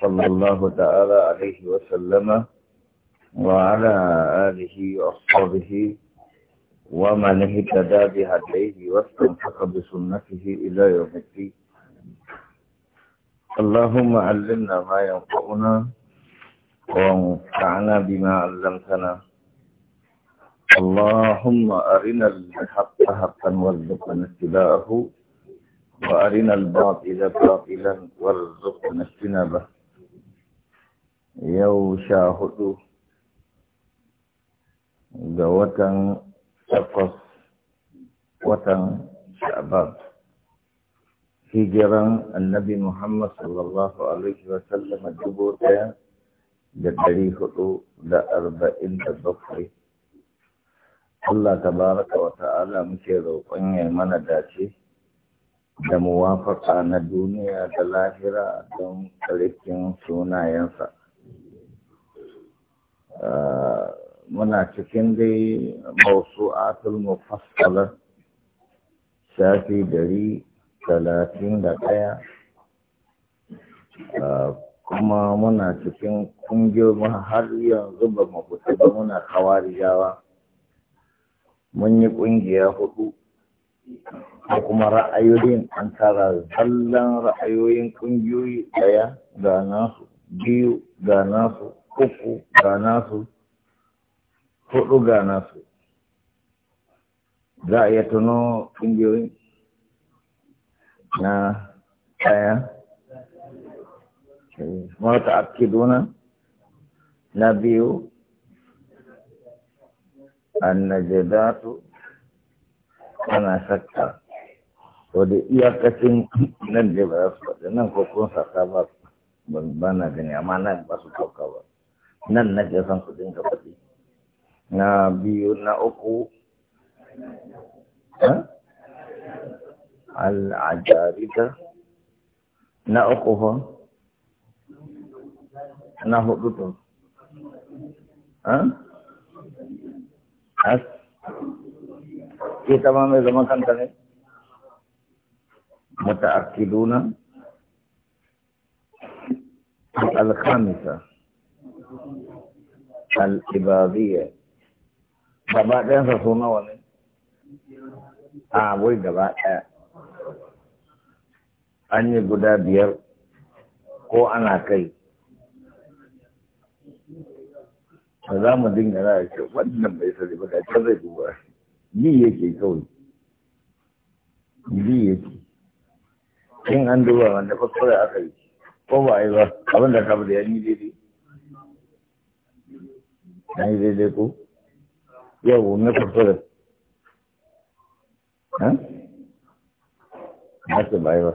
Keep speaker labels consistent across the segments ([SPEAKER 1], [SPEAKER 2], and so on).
[SPEAKER 1] صلى الله تعالى عليه وسلم وعلى آله وأصحابه ومن اهتدى بهديه واستنفق بسنته إلى يوم الدين اللهم علمنا ما ينفعنا وانفعنا بما علمتنا اللهم أرنا الحق حقا وارزقنا اتباعه وأرنا الباطل باطلا وارزقنا اجتنابه yau sha hudu ga watan takwas watan sha'ban hijiran annabi muhammad sallallahu alaihi wa sallama dubu daya da dari hudu da arba'in da bakwai Allah tabaraka wa ta'ala muke roƙon ya mana dace da muwafaka na duniya da lahira don tsarikin sunayensa. muna cikin dai mausu mu mufassala shafi dari talatin da ɗaya ah, kuma muna cikin kungiyoyin har yanzu ba mu fita ba muna kawarijawa mun yi ƙungiya hudu ko kuma ra'ayoyin an tara zallan ra'ayoyin ƙungiyoyi ɗaya ga nasu biyu ga nasu uku ga nasu hudu ga nasu za a iya tuno ƙungiyoyin na ɗaya eh, mata akiduna na biyu annajadatu ana shakka wadda iyakacin nan da ba za su faɗi nan ko kun saka ba su. na gani amma nan ba su kauka ba nan na ke son su dinga faɗi na biyu na uku al'ajarika na uku fa na hudu to ha as kita ma mai zama kanta ne متأكدون الخامسة al-ibadiyya gaba ɗayansa su nawa ne a wai gaba ɗaya an yi guda biyar ko ana kai ba za mu dinga na ce wannan bai sa ba da can zai duba bi yake kawai bi yake in an duba wanda fa kawai aka yi ko ba a yi ba abin da ka bude ya yi daidai na yi daidai ko yau na kusurin na ce bai ba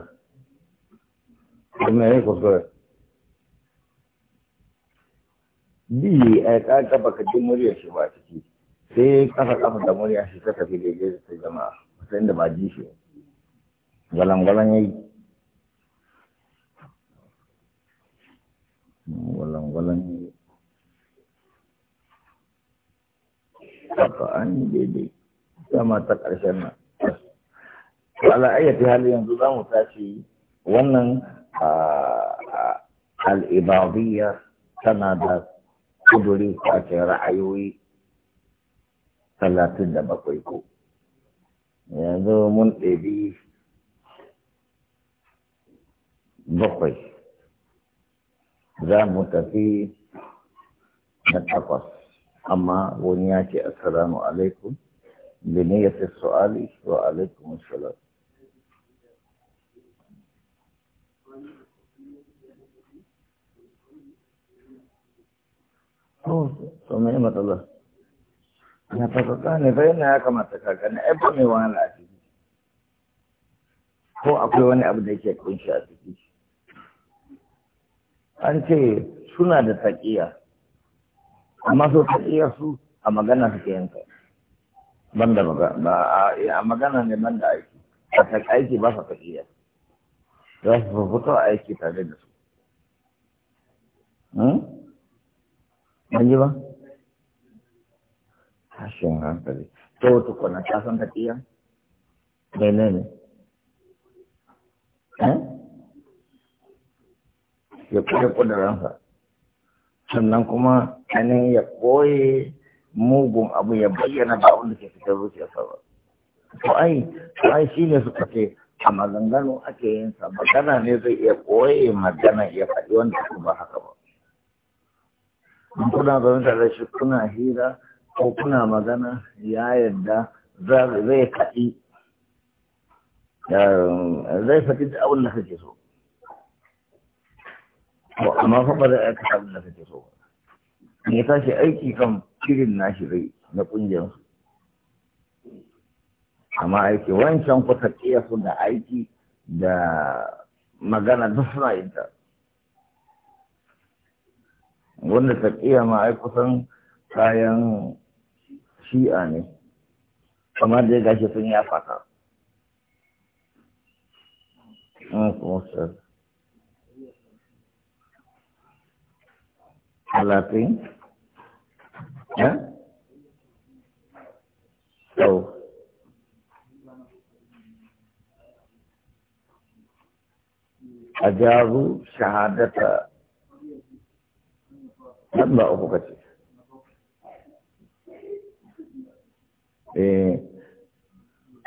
[SPEAKER 1] kuma yi kusurin biyi a ƙaƙa baka jin murya shi ba ciki sai kafa kafa da murya shi ta tafi daidai da ta jama'a sai da ba ji shi gwalan-gwalan ya yi gwalan ya yi haka jadi ah, sama tak ada sana. Kalau ayat hal yanzu zamu mutasi, wanang wannan ah, ah, ibadiah tana da kuduri a ayui ra'ayoyi talatin da bakwai ko yanzu mun ɗabi bakwai zamu mutasi tafi na takwas amma wani ya ce assalamu alaikum da niyyatar su'ali wa alaikum assalam Oh, so mai matsala. Na fasasa ne fa yana ya kamata ka gane ai ba mai wahala a ciki. Ko akwai wani abu da yake kunshi a ciki. An ce suna da taƙiya. amma so ta iya su a magana suke yanka banda ba a magana ne banda aiki a ta aiki ba sa ta iya za su fito aiki tare da su hmm? Ban ji ba? Hashin hankali. To, tukuna, ta san ta iya? Mene ne? Eh? Ya kuɗa ƙuduransa. sannan kuma ainihin ya koye mugun abu ya bayyana ba wanda ke fitar zuciyarsa ba to ai ai shi ne suka ce a maganganu ake yin sa magana ne zai iya koye magana ya faɗi wanda su ba haka ba in kuna zaune tare shi kuna hira ko kuna magana ya yarda zai faɗi zai faɗi da abin da kake so amma fa ba za a kasa abin da kake so ba ne tashi aiki kan shirin nashi rai na kungiyar su amma aiki wancan kusa kiya su da aiki da magana duk suna yin wanda ta kiya ma ai kusan kayan shi'a ne kamar dai gashi sun ya fata. Mm, ثلاثين ها أو أجازوا شهادة لما أفقت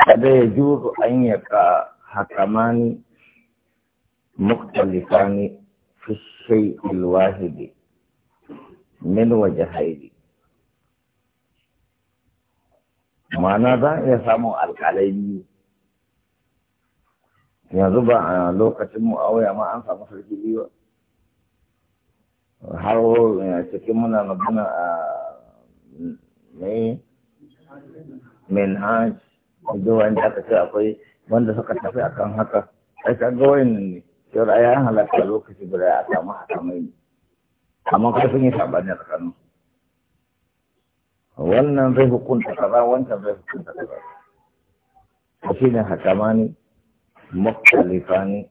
[SPEAKER 1] قد يجوز أن يقع حكمان مختلفان في الشيء الواحد min wajhaini ma'ana za a iya samun alkalai biyu yanzu ba a lokacin mu auya ma an samu sarki biyu har cikin muna magana a mai min hajj da aka ce akwai wanda suka tafi akan haka ai gawain ga ne shi ra'ayi an halatta lokaci guda a samu haka mai amma kuma sun yi sabani tsakanin wannan hukum hukunta kaza wancan hukum hukunta kaza to hakamani mukhtalifani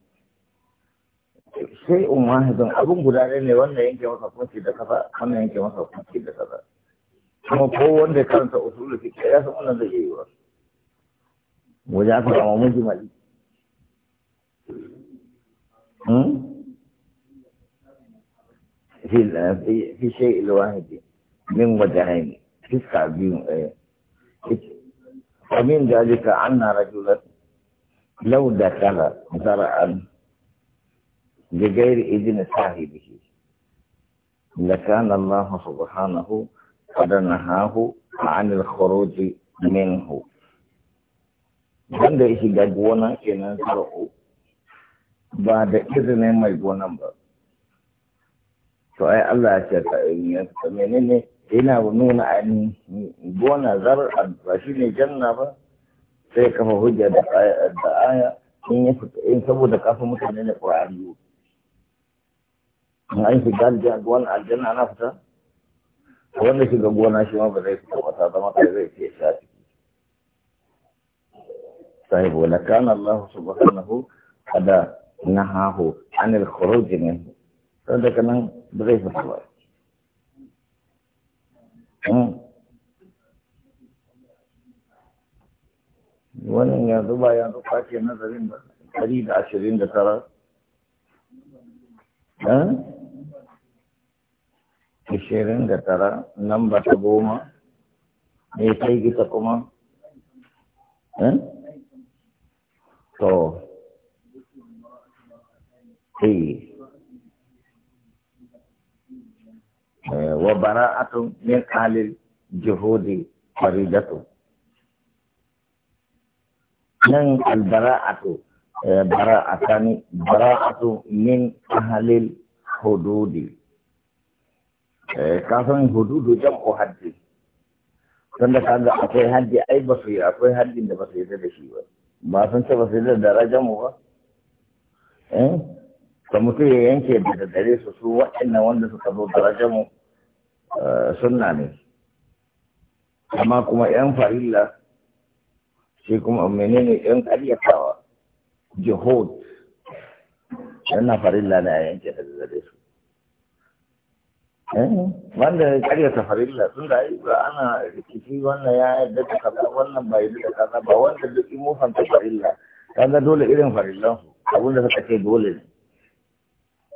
[SPEAKER 1] sai umah itu abin guda ɗaya ne wanda yanke masa hukunci da kaza wannan yanke masa hukunci da kaza kuma ko wanda karanta usulul fiqh ya san wannan zai yi wa wajen aka kama hmm في في شيء الواحد من وجهين في بيوم إيه، ومن ذلك عنا رجلا لو دخل زرعا بغير إذن صاحبه لكان الله سبحانه قد نهاه عن الخروج منه عند ya shiga gona kenan sarau ba da izinin mai gonan to ai Allah ya ce menene ina nuna ainihin gona zar'an ba shi ne janna ba sai kafa hujja da aya in ya fita in saboda kafa mutane da ƙwararru in an shiga a aljanna na fita wanda shiga gona shi ma ba zai fita ba ta zama kai zai ce sha ciki sai bola kan Allah subhanahu kada nahahu anil khuruj minhu saboda nan ba zai fita ba wannan yanzu ba yanzu kwace nazarin ba ɗari da ashirin da tara ashirin da tara nan ba ta goma ne kai gita kuma to eh Eh, wa bara'atun min alil juhudi faridatu nan albara'atu eh, bara'atani bara'atu min ahlil hududi eh, kafin hududu jam'u haddi tunda kaga akwai haddi ai ba su yi akwai haddin da ba su yi da shi ba ba sun ce ba su yi da darajar mu ba eh ka mutu ya yanke da gare su su waɗannan wanda suka zo darajar mu Eh, sunna ne amma kuma yan farilla shi kuma menene yan karyatawa jihod yana farilla ne a yanke da zare su eh, wanda ya ta farilla sun da yi ba ana rikici wannan ya yadda ta kaza wannan ba yadda da kaza ba wanda duk imofan ta farilla kaga dole irin farillan su abin da suka ce dole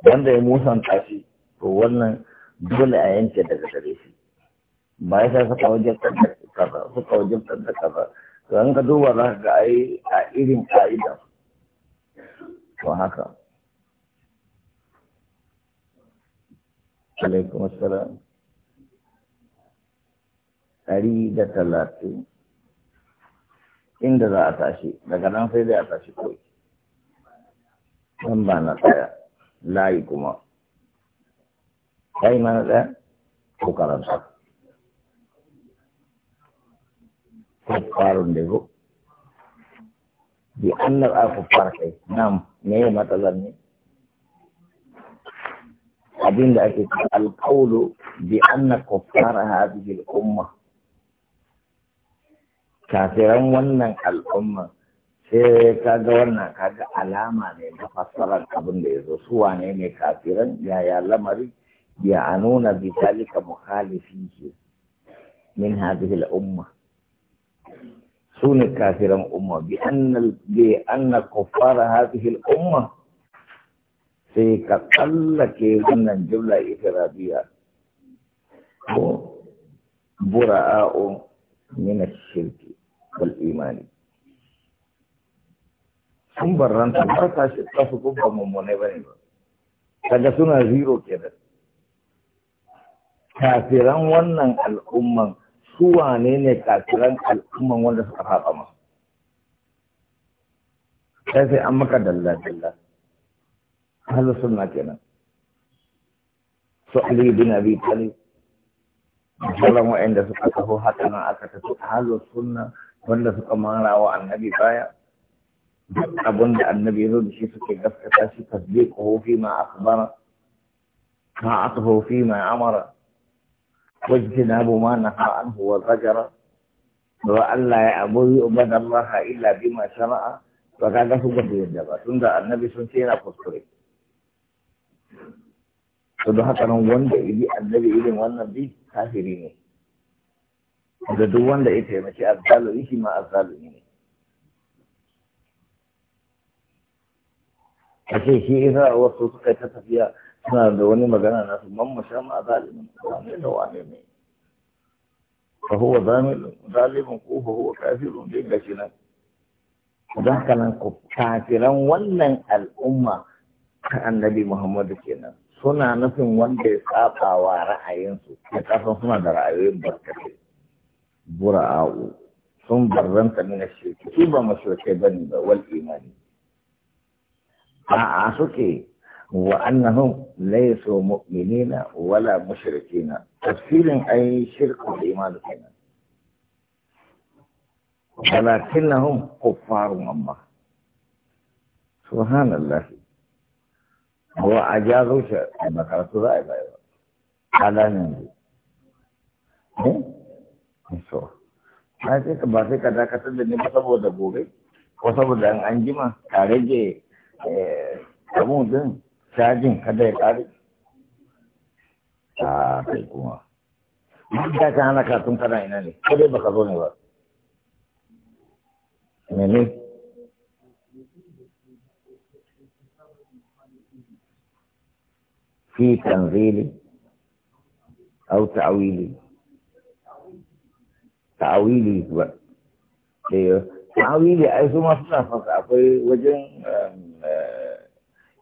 [SPEAKER 1] ne wanda ya musanta shi to wannan dole a yanke daga gare shi ba ya sa suka wajen kaza suka wajen da kaza to an ka duba za ka ga ai a irin ka'ida to haka alaikum assalam ɗari da talatin inda za a tashi daga nan sai dai a tashi kawai nan ba na tsaya layi kuma kai mana ɗaya ko karanta kuffarun da zo bi annar a kuffar kai nan me ya matsalar ne abin da ake ce alƙawulo bi anna kuffar a al-umma kafiran wannan al'umma sai ga wannan kaga alama ne na fassarar abin da ya zo su wane ne kafiran yaya lamari يعانون بذلك مخالفيه من هذه الأمة سون كافرا أمة بأن بأن كفار هذه الأمة سيكتلك من الجملة إفرادية براء من الشرك والإيمان ثم barranta ba ta shi ممونة بني kuma mummune ba ne kafiran wannan al'umman su wane ne kafiran al'umman wanda suka faɗa ma sai sai an maka dalla dalla ahlu suna kenan su ali bin abi talib sauran wa'inda suka kafo haka nan aka tafi ahlu sunna wanda suka mara wa annabi baya duk abin da annabi ya zo da shi suke gaskata shi tasdiqu fi ma ka ta'atuhu fi ma amara واجتناب ما نهى عنه وزجر وألا يعبد عباد الله إلا بما شرع وكذا هو قد يجب تند النبي sun ce yana kuskure to don haka nan wanda ibi annabi irin wannan bi kafiri ne da duk wanda ya taimaki azzalumi shi ma azzalumi ne a ce shi isa wasu suka ta tafiya suna da wani magana na su man sha ma zalimin wane da wane ne fa huwa zalimin ko fa huwa kafirun dai gashi nan don haka nan ku kafiran wannan al'umma ta annabi muhammadu kenan suna nufin wanda ya saba wa ra'ayinsu ya kasan suna da ra'ayoyin barkatai bura'a'u sun barranta mina shirki su ba mashirkai bane ba wal imani a'a suke Wa annahu laifin somo ya wala ya mushiriki na. Wasu filin an yi da Imanufanan, walakina ku faru man ba. Suhanallah, wa'azi azabta da baka da su za'a ba yanzu. Ka da nan bi? An ce ka ka dakatar da ni saboda gobe, ko saboda an jima, tare da eh, mun cajin kada ya ƙari a ah, kai kuma da ka hana ka katun kana ina ne ko dai baka zo ne ba mene fi tanzili au ta'wili ta'wili ba eh, ta'wili ai su ma suna fasa akwai wajen eh,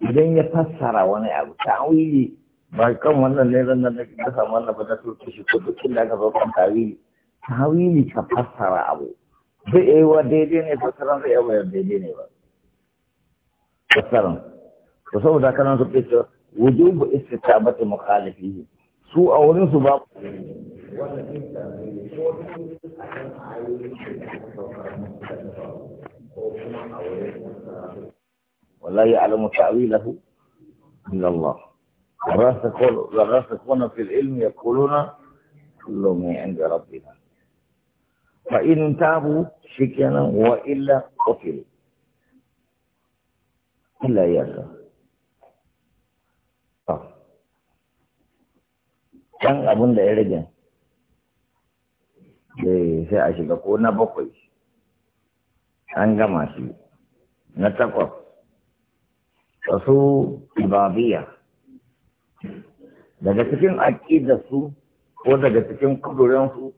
[SPEAKER 1] idan ya fassara wani abu ta wuyi ba kan wannan ne zan nan da samu wannan ba na turki shi ko dukkan da aka zo kan tawili tawili ka fassara abu zai yi wa daidai ne fassaran zai yi wa daidai ne ba fassaran to saboda kana nan ke ce wujubu istitabati mukhalifi su a wurin su ba ko kuma a wurin ولا يعلم تعويله إلا الله الراسخون في العلم يقولون كل ما عند ربنا فإن تابوا شكنا وإلا قتلوا إلا يرجع كان أبن da ya rage sai a shiga ko na bakwai an gama shi na takwas su ibadiyya daga cikin aƙidarsu ko daga cikin kudurinsu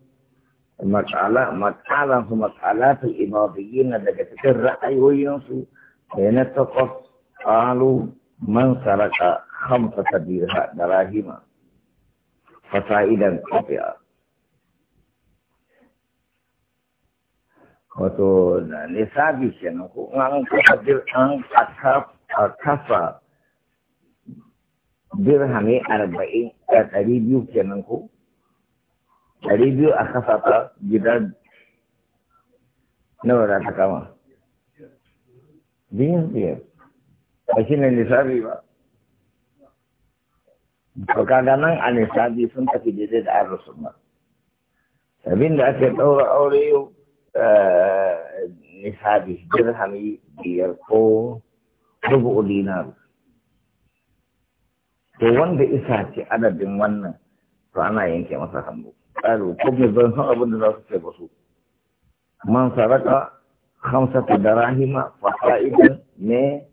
[SPEAKER 1] matsalansu matsalatul ibadiyyin daga cikin ra'ayoyinsu da na takwas man saraka hamsa ta da rahima fasa'idan kafiya wato nisabi kenan ko an kafa an kasa. a kafa dirhami arba'in a ɗari biyu kenan ko ɗari biyu a kafa ta gida nawa za ta kama biyan biyar ba shi ne nisabi ba to kaga nan a lissafi sun tafi daidai da an rasu ba abin da ake ɗaura aure yau lissafi eh, dirhami biyar ko rubu'u dinar to wanda isa ce adadin wannan to ana yanke masa hannu ƙaru ko mai zan san abin da za su ce ba su man saraka hamsata da rahima fasa'idan ne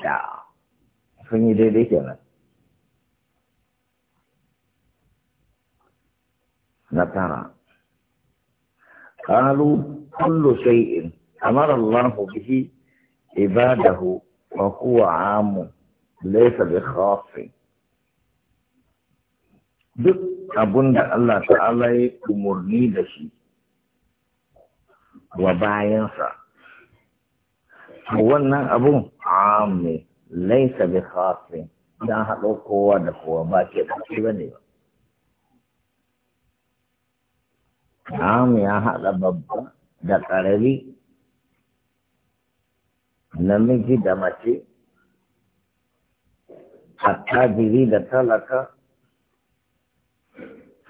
[SPEAKER 1] ta. sun yi daidai kenan na tara kalu kullu shay'in. Amara الله bihi عباده وهو عام ليس بخاص duk abun da Allah ta'ala ya umarni da shi wa bayansa wannan abun amme laisa bi khafi dan hado kowa da kowa ba ke da, shi ne ba ya hada babba da ƙarari na miji da mace a biri da talaka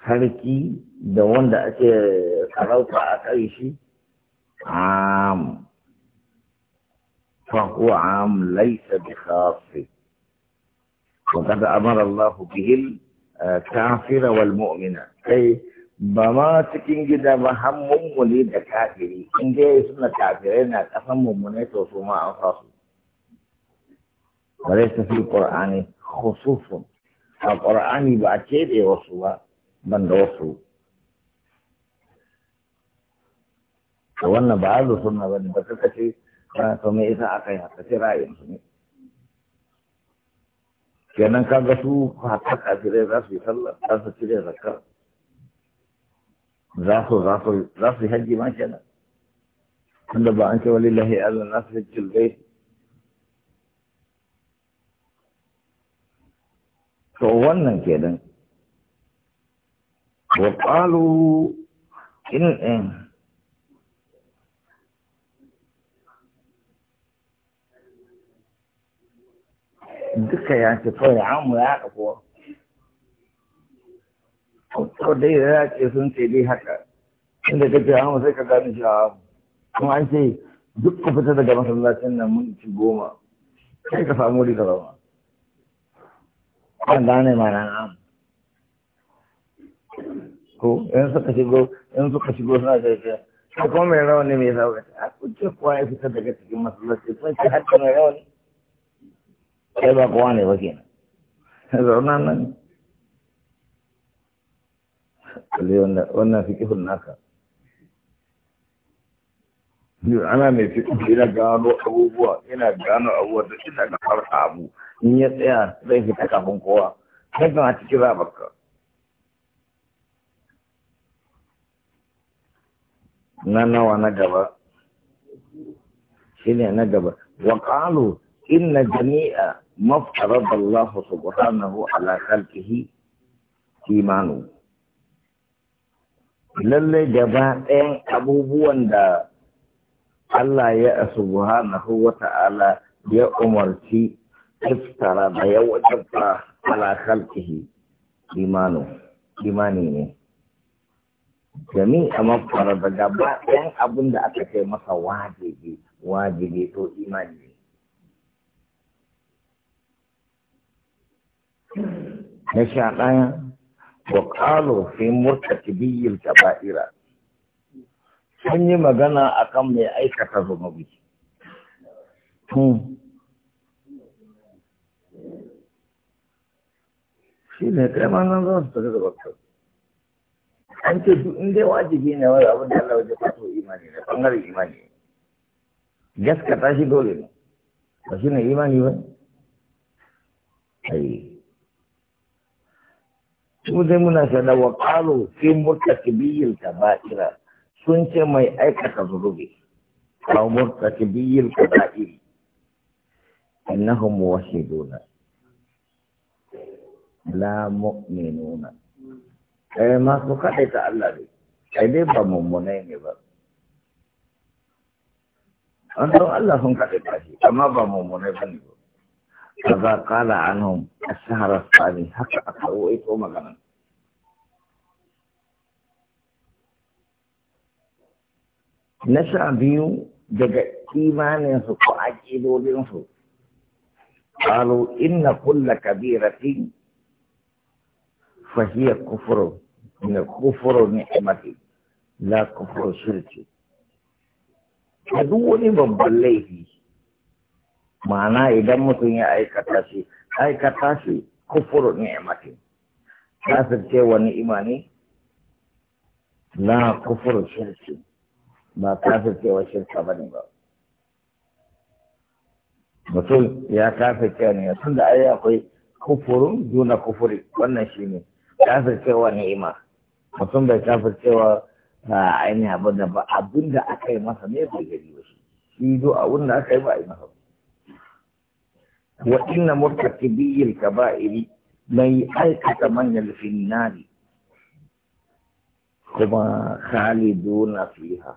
[SPEAKER 1] sarki da wanda ake sarauta a kai shi am fahu am laisa bi khafi wa kada amara allah bihil eh, kafira wal mu'mina kai ba ma cikin gida ba har mummuli da kafiri in dai suna kafirai na kasan mummune to su ma an fasu bare su fi qur'ani khususun a qur'ani ba a keɓe wasu ba ban da wasu to wannan ba azu sunna bane ba suka ba ah, to me yasa aka yi haka sai ra'ayin su ne kenan kaga su haka kafirai za su yi sallah za su cire zakar راحوا راحوا راحوا يهجي ما كان عند بعضك ولله ألا نفج البيت فأولنا كده وقالوا إن إن دقيقة يعني تفاية عام ويعقب to dai ya ce sun ce dai haka inda kake hamu sai ka gane shi a kuma an ce duk ku fita daga masallacin nan mun ci goma sai ka samu wuri ka zama da ne ma na am ko in suka shigo in suka shigo suna ce ce ko kuma mai rawan ne mai zawo ah, a kuce kuwa ya fita daga cikin masallaci sun ce hatta mai rawan sai ba kowa ne ba kenan zauna nan wannan fikihun naka ana mai fiƙi ina gano abubuwa ina gano abubuwa da ina ga farka abu in ya tsaya zai fita kafin kowa sai kan a cikin rabarka na nawa na gaba shine na gaba wa qalu inna jami'a maftarada Allah subhanahu ala khalqihi imanu lalle gaba ɗayan abubuwan da Allah ya subhanahu wa ta'ala ya umarci iftara da ya wajabta ala khalqihi imanu imani ne a mafara da gaba ɗayan abin da aka kai masa wajibi wajibi to imani ne na sha ɗaya وقالوا في مرتكبي الكبائر sun yi magana a kan mai aikata zunubi. Hmm. Shi ne kai ma nan zan su da bakka. An ce duk in dai wajibi ne wani abin da Allah wajen fato imani ne, bangare imani ne. Gaskata shi dole ne, ba shi ne imani ba? Ayi. mu dai muna sana wa ƙaro fi murtakibiyil kaba'ira sun ce mai aikata zunubi aw murtakibiyil kaba'iri innahum muwahhiduna la mu'minuna eh ma su kaɗai ta Allah ne kai dai ba mummunai ne ba an don Allah sun kaɗai ta shi amma ba mummunai ba ne ba فذا قال عنهم السهر الثاني حتى أقوئت ومغنم نشأ بيو إيمان imaninsu ko aƙidodinsu قالوا إن كل كبيرة فهي كفر من كفر نعمة لا كفر شرك duk wani babban laifi Mana idan mutum ya aikata shi aikata shi kufuru ni'mati kafirce wa ni'ima imani, na kufuru shirki ba kafirce wa shirka ne ba mutum ya kafirce ne tun da ai akwai kufurun juna kufuri wannan shi shine kafirce wa ni'ima mutum bai kafirce wa ainihin abin da ba abin da aka yi masa ne bai gari ba shi shi zo a da aka yi ba a yi masa ba وإن مرتكبي الكبائر من ألقى من في النار هما خالدون فيها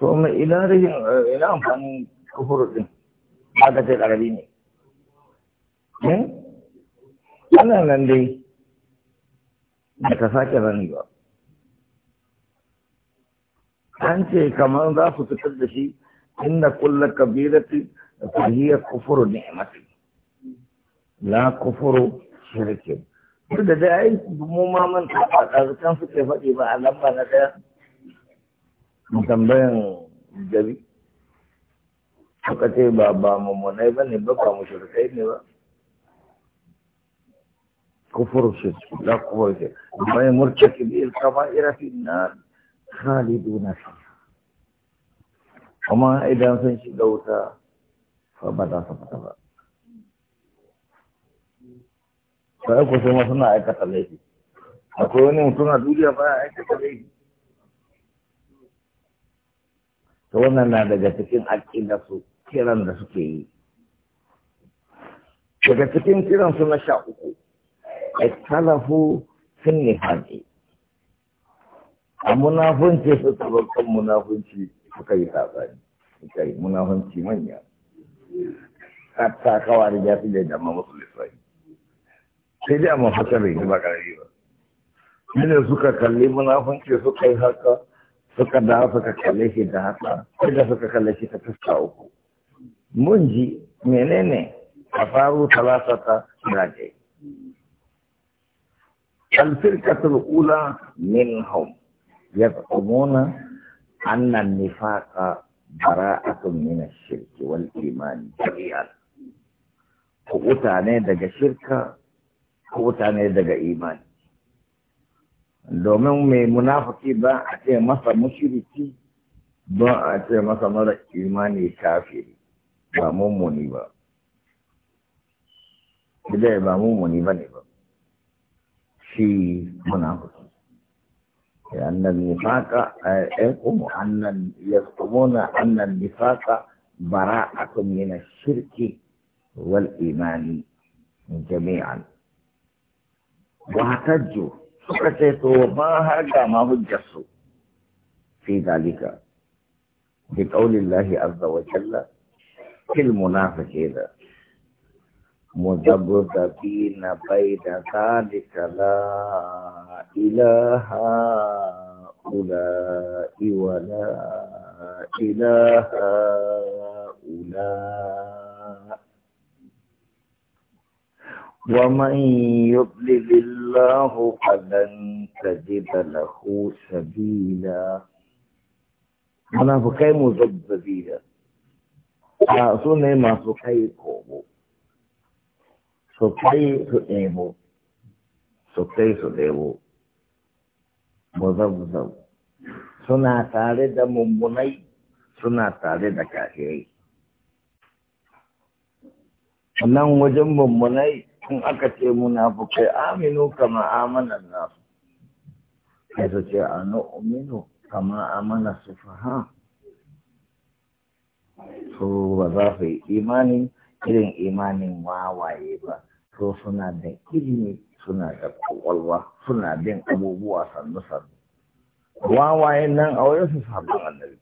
[SPEAKER 1] ثم إلى رجل إلى أنفاني كفر هذا العربي إيه؟ أنا لندي متفاكرا بقى أنت كمان kamar za إن كل كبيرة فهي كفر نعمة لا كفر شرك duk da dai mu ma man faɗa kan suke faɗi ba a lamba na ɗaya tambayan jabi suka ce ba ba mummunai ba ne ba ba mushrikai ne ba kufur shi la kufur shi bai murtaki bi al-kaba'ira fi an-nar khaliduna kuma idan sun shiga wuta ko ba za su fita ba sai ku sai masu na aikata laifi akwai wani mutum a duniya ba ya aikata laifi to wannan na daga cikin aƙida su kiran da suke yi daga cikin kiran su na sha uku sun ne nifaqi a munafunci su tabbatan munafunci suka yi sabani suka yi munafunci manya hatta kawari ya fi da amma musu lissafi sai dai a da yi ba ƙarfi ba yadda suka kalli munafunci suka yi haka suka da suka kalli shi da haka sai da suka kalli shi ta fuska uku mun ji menene a faru talatata raje الفرقة الأولى منهم يزعمون annan nifaka bara'atun min ash-shirki wal iman jami'an ku utane daga shirka ku utane daga imani domin mai munafiki ba a ce masa mushriki ba a ce masa mara imani kafiri ba mummuni ba bidai ba mummuni ba ne ba shi munafiki لأن النفاق أيكم آه، أن يزعمون أن النفاق براءة من الشرك والإيمان جميعا واحتجوا سكتوا ما هذا ما هجسوا في ذلك بقول الله عز وجل في المنافقين مذبذبين بين ذلك لا إلى هؤلاء ولا إلى هؤلاء ومن يضلل الله فلن تجد له سبيلا أنا فكاي مزبزيلا أعطونا ما فكاي كومو فكاي تؤيمو فكاي تؤيمو muzabzab suna tare da mummunai suna tare da kafirai nan wajen mummunai in aka ce munafukai aminu kama amanan nasu sai ce a nu'minu kama amana sufaha su ba za su yi imani irin imanin wawaye ba so suna da ilimi suna da kwakwalwa suna bin abubuwa sannu-sannu wawayen nan a wurin su sabon annabi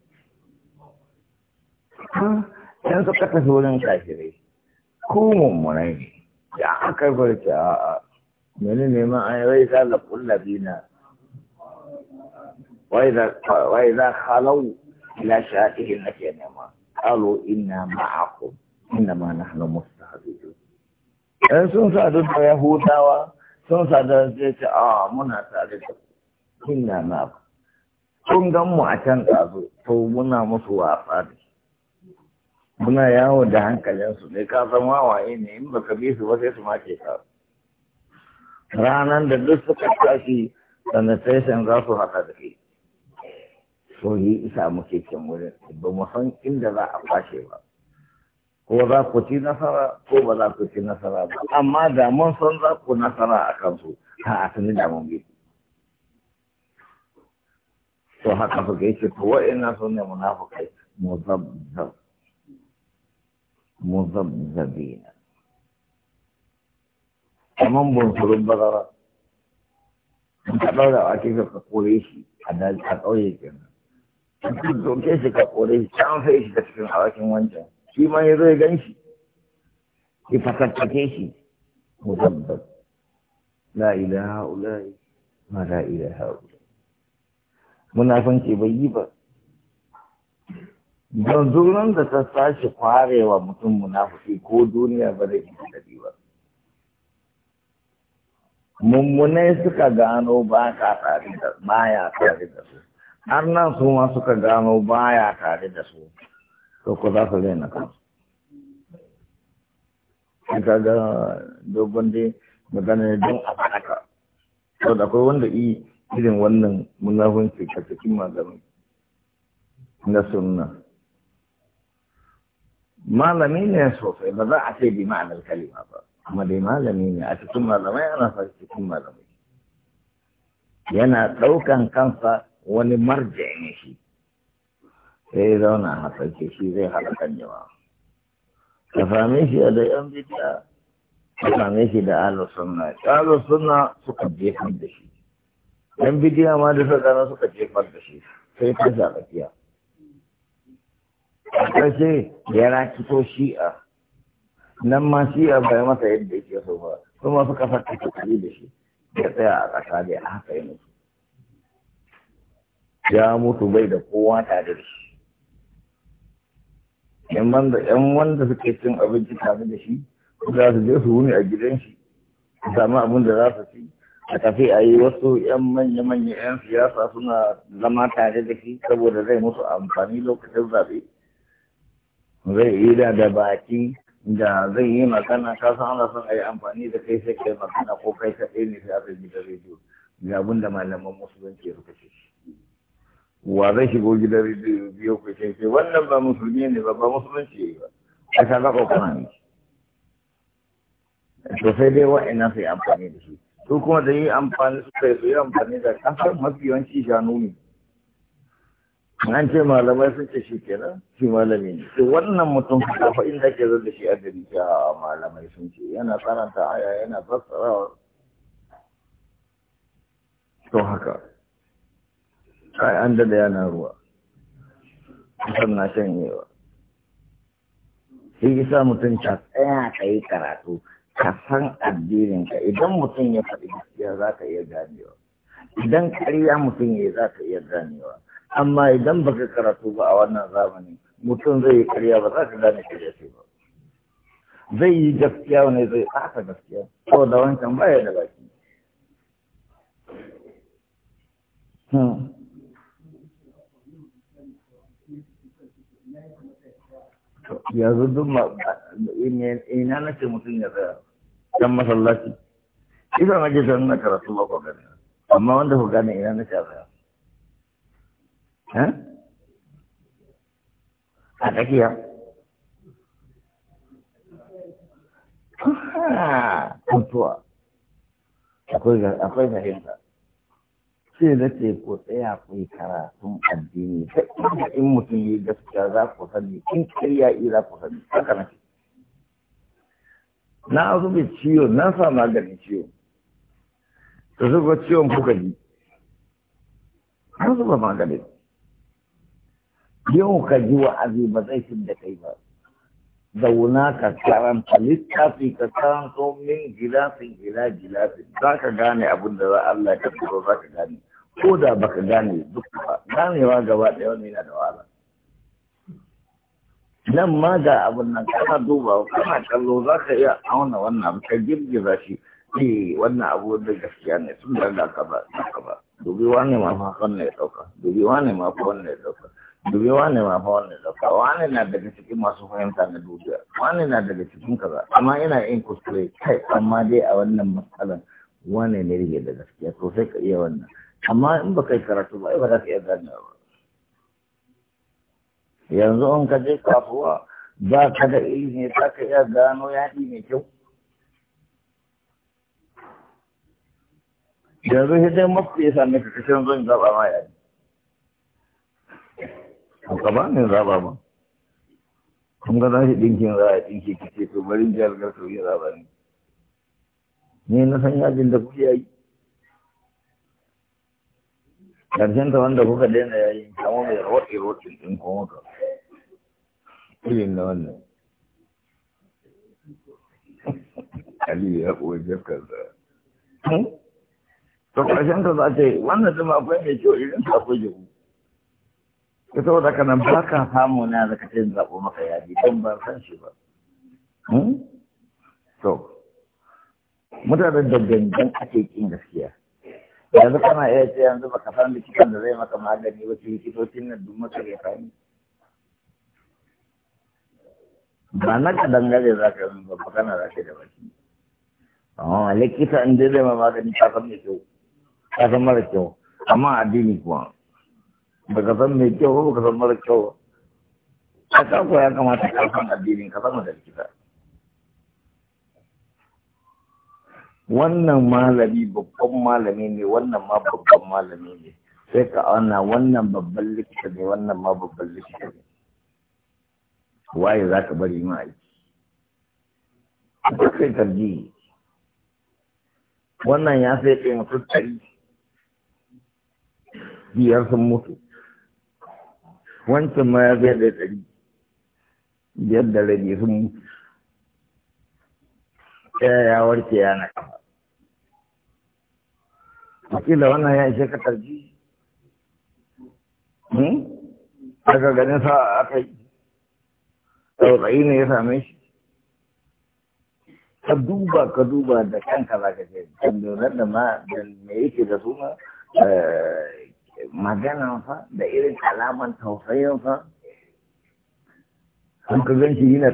[SPEAKER 1] can suka tafi wurin kafirai ko mummunai ne ya aka barci a a mene neman an rai za da kullabi na wai za halau ila sha'ihin nake nema قالوا إنا معكم إنما نحن مستهزئون in sun sa duk da Yahudawa sun sadar zai ce a ah, muna tare da kunna na ku kun gan mu a can ɗazu to muna musu wasa ne muna yawo da hankalinsu ne ka san wawaye ne in baka bi su ba sai su mace ka ranar da duk suka tashi sanitation za su haka da kai so yi isa muke cin wurin ba mu san inda za a kwashe ba ko za ku ci nasara ko ba za ku ci nasara ba amma da mun san za ku nasara a kansu ha a sani da mun bi to haka suka yi ce to wa'ina su ne munafukai muzabzab muzabzabina kaman bunsurun bazara in ka ɗaura a kika ka kore shi a ɗauye kenan in ka doke shi ka kore shi can sai shi ta cikin awakin wancan shi ma ya zo ya gan shi ya fatattake shi mutabbat la ilaha ulai ma la ilaha ulai munafanci bai yi ba don zuran da ta sashi kwarewa mutum munafuki ko duniya ba zai yi daɗi ba mummunai suka gano ba ka tare da baya tare da su har nan su ma suka gano baya tare da su to ko za su daina kansu ka ga dogon dai magana ne don a faɗaka sau da akwai wanda yi irin wannan munafunci ka cikin magana na sunna malami ne sosai ba za a ce bi ma'anar kalima ba amma dai malami ne a cikin malamai ana sa cikin malamai yana ɗaukan kansa wani marja ne shi sai zauna a sarki shi zai haɗa jama'a ka same shi da yan bidiya ka same shi da ahlus sunna ahlus sunna suka jefar da shi
[SPEAKER 2] yan bidiya ma da sadana
[SPEAKER 1] suka jefar da shi sai ta zaɓaɓiya a ce ya rakito shi'a nan ma shi'a bai masa yadda yake so ba kuma suka fata kakari da shi ya tsaya a ƙasa da haka yi mutu ya mutu bai da kowa tare da shi yan wanda suke cin abinci tare da shi za su je su wuni a gidan shi samu abin da za su ci a tafi a yi wasu yan manya-manya yan siyasa suna zama tare da shi saboda zai musu amfani lokacin zaɓe zai yi da da baki da zai yi magana ka ana son a yi amfani da kai sai kai magana ko kai kaɗai ne sai a zai da rediyo ga abin da malaman musulunci suka ce shi wa zai shigo gidan rediyo biyo ku ce ce wannan ba musulmi ne ba ba musulunci ba a ka zaɓa kuma ne to sai dai wa'annan sai amfani da su su kuma da yi amfani su Sai su yi amfani da kasar mafi yawanci shanu ne an ce malamai sun ce shi nan shi malami ne to wannan mutum fa inda ke zan da shi a gari a malamai sun ce yana karanta aya yana fassarawa to haka ai an da yana ruwa kusan na shanyewa shi isa mutum ka tsaya ka yi karatu ka san addininka idan mutum ya faɗi gaskiya za ka iya ganewa idan ƙarya mutum ya za ka iya ganewa amma idan ba baka karatu ba a wannan zamani mutum zai yi ƙarya ba za ka gane ƙarya ce ba zai yi gaskiya ne zai ƙasa gaskiya ko da wancan baya da baki hmm. yanzu duk ina na ce mutum ya tsaya can masallaci ina na gisa na karatu ba ku gani amma wanda ku gane ina na ce a tsaya eh? a tsakiya ah, akwai fahimta sai da ce ko tsaya ku yi karatun addini sai inda in mutum yi gaskiya za ku sani in kariya yi za ku sani haka nake na azubi ciwo na sa maganin ciwo da zuba ciwon kuka ji an zuba maganin yau ka ji wa'azi ba zai fi da kai ba zauna ka karanta littafi ka karanto min gilasin gila gilasin za ka gane abin da za Allah ka turo za ka gane ko da baka gane duk ba ganewa gaba ɗaya wani yana da wahala nan ma ga abin nan kana duba kana kallo za ka iya auna wannan abu ka girgiza shi eh wannan abu da gaskiya ne tun da da ka ba da ka ba dubi wani ma fa wannan ya dauka dubi wani ma fa wannan ya dauka dubi wani ma fa wannan ya dauka wani na daga cikin masu fahimta na dubiya wani na daga cikin kaza amma ina yin kuskure kai amma dai a wannan matsalan wani ne rige da gaskiya to sai ka iya wannan amma in ba kai karatu ba ba za ka iya gane ba yanzu in ka je kasuwa ba ka da ilimi za ka iya gano yaɗi mai kyau yanzu sai dai mafi ya sami ka kashin zan zaɓa ma yaɗi to ka ba ne zaɓa ba kun ga za shi ɗinkin za a ɗinki ki to bari jihar garkar ya zaɓa ne ni na san yajin da kuke yi ƙarshen ta wanda kuka daina yayi kama mai roɗe roɗe ɗin ko maka irin na wannan aliyu ya kuwa jafkarsa hmm? to ƙarshen ta za ta yi wannan zama akwai mai kyau irin ta akwai jihu ka saboda ka nan ba ka samu na da ka ce zaɓo maka yaji don ba san shi ba hmm? to mutanen da gangan ake ƙin gaskiya yanzu kana iya ce yanzu baka san likitan da zai maka magani ba likitocin nan duk maka ya fahimta ba na ka dangare za ka yi ba magana za ka da baki amma likita in dai zai ma magani ta san mai kyau ta san mara kyau amma addini kuwa baka san mai kyau ba baka san mara kyau ba a kanku ya kamata ka san addinin ka san da likita wannan malami babban malami ne wannan ma babban malami ne sai ka ana wannan babban likita ne wannan ma babban likita ne waye za ka bari ma aiki sai tarji wannan ya sai ɗaya mutu ɗari biyar sun mutu wancan ma ya sai ɗaya ɗari biyar da rabi sun mutu ya warke yana kafa wakila wannan ya ishe ka tarji hmm? daga ganin sa aka yi tsautsayi ne ya same shi ka duba ka duba da kanka za ka ce donar da ma da me yake da suna eh, maganan da irin alaman tausayin fa ka gan shi yana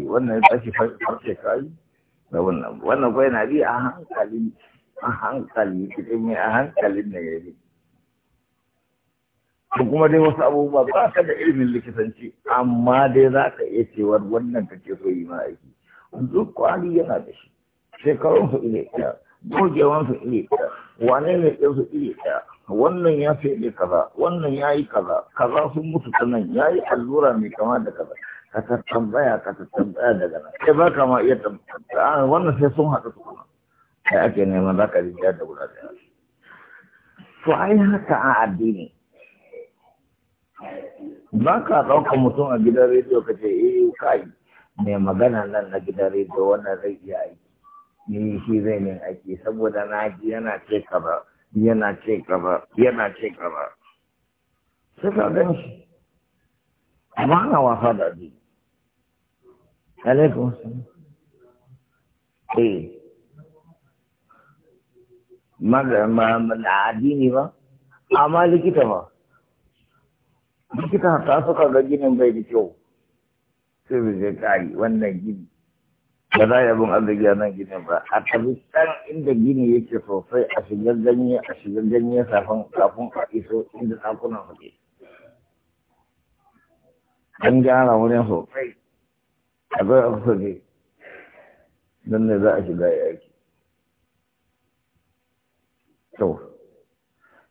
[SPEAKER 1] da wannan ya tashi farce kayi da wannan wannan na bi a hankali a hankali cikin a hankalin da ya yi ko kuma dai wasu abubuwa ba ka da ilimin likitanci amma dai za ka iya cewar wannan kake so yi ma aiki duk kwali yana da shi shekarun su ile ɗaya gogewan su ile ɗaya wane ne ɗin su ile ɗaya wannan ya fi ne kaza wannan ya yi kaza kaza sun mutu ta nan ya yi allura mai kama da kaza ka ta tambaya ka ta tambaya daga nan sai ba ka ma iya tambaya wannan sai sun haɗu su kuma sai ake neman za ka rijiyar da guda ɗaya to ai haka a addini ba ka ɗauka mutum a gidan rediyo ka ce eh kai mai magana nan na gidan rediyo wannan zai iya aiki ni shi zai ne aiki saboda na ji yana ce kaza yana ce kaza yana ce kaza sai ka gan shi amma ana wasa da addini alaikum salam eh na addini ba amma likita ba likita ta suka ga ginin bai da kyau sai bai zai kari wannan gini ba za a abin arziki a nan ginin ba a tabi can inda gini yake sosai a shigar ganye a shigar ganye kafin a iso inda tsakunan suke an gyara wurin sosai a zai a kusa don ne za a shiga yaki kyau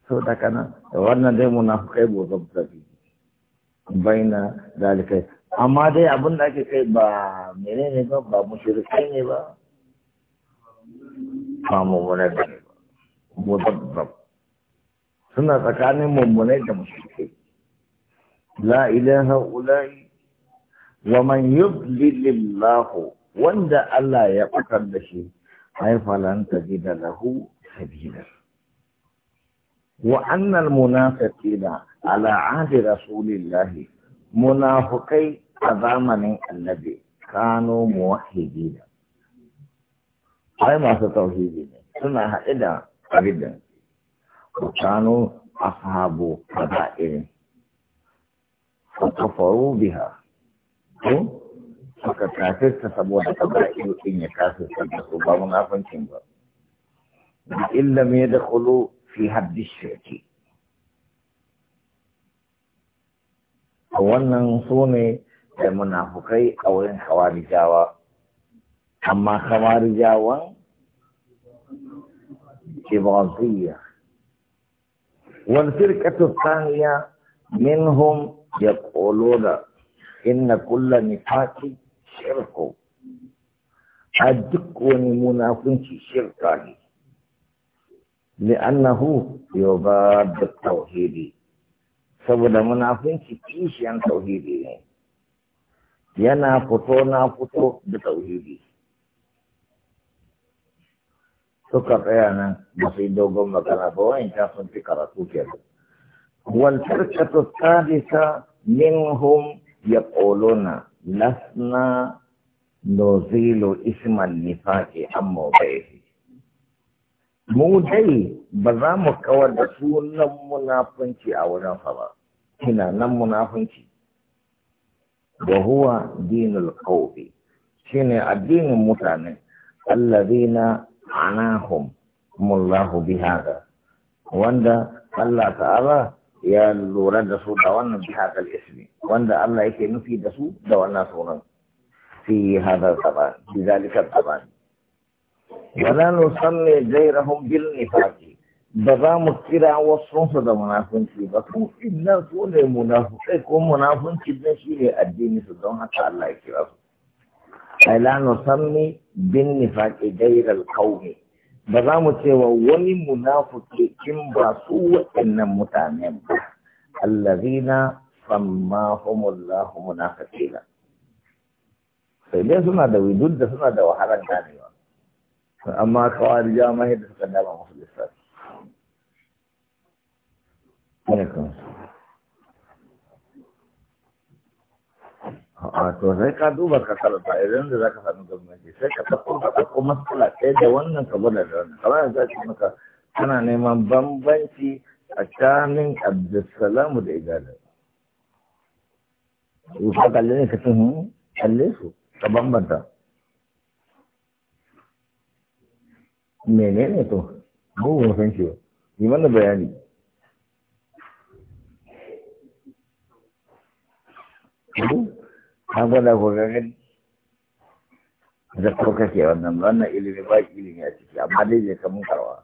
[SPEAKER 1] so da kana wannan dai munafukai bozon zafi baina dalikai amma dai abin da ake kai ba menene ba ba mushrikai ne ba ba mummunai ba ne ba suna tsakanin mummunai da mushrikai la ilaha ulai wa man yudlilillahu wanda Allah ya fakar da shi ai falan tajida lahu sabila وأن المنافقين على عهد رسول الله منافقي أظامن الذي كانوا موحدين أي ما ستوحيدين سنة هائدة أبدا وكانوا أصحاب قبائل فكفروا بها suka kafirta saboda kaba'ir din ya kafirta da su ba fi haddi shirki wannan sune da munafukai a wurin hawarijawa amma hawarijawan kibaziyya wal firqatu thaniya minhum yaquluna inna kulla nifaqi shirku a duk wani munafunci shirka ne li'annahu yubaddu tauhidi saboda munafinci kishiyan tauhidi ne yana fito na fito da tauhidi suka tsaya nan ba su dogon magana ba wani ta sun fi karatu ke da wantar ka ta sadisa minhum ya ƙolona lasna nozilo isman nifaki an mawaifi mu dai ba za mu kawar da sunan munafunci a wajen fa ba ina nan munafunci wa huwa dinul qawbi shine addinin mutane allazina anahum mullahu bihada wanda Allah ta'ala ya lura da su da wannan bihadal ismi wanda Allah yake nufi da su da wannan sunan fi hada zaman bi zalika zaman wala nusalli ghayrahum bil nifaqi ba za mu kira wasu su da munafunci ba ku inna su ne munafukai ko munafunci din shi ne addini su don haka Allah ya kira su ai la nusalli bin nifaqi ghayral qawmi ba za mu ce wa wani munafuki kin ba su wannan mutane ba allazina sammahumullahu munafiqina sai dai suna da widud da suna da wahalar ganewa amma kawai ja mahi da suka dama masu lissafi alaikum a to sai ka duba ka karanta idan da za ka sami gwamnati sai ka tafi ka tafi matsala sai da wannan ka gwada da wannan kamar yanzu ake maka kana neman bambanci a tsakanin abdulsalamu da igala ka kalli ne ka tun hmm, kalle su ka bambanta menene to mu san shi yi mana bayani an gwada ko gani da ko ke wannan wannan ilimi ba ilimi a ciki amma dai zai kamun karwa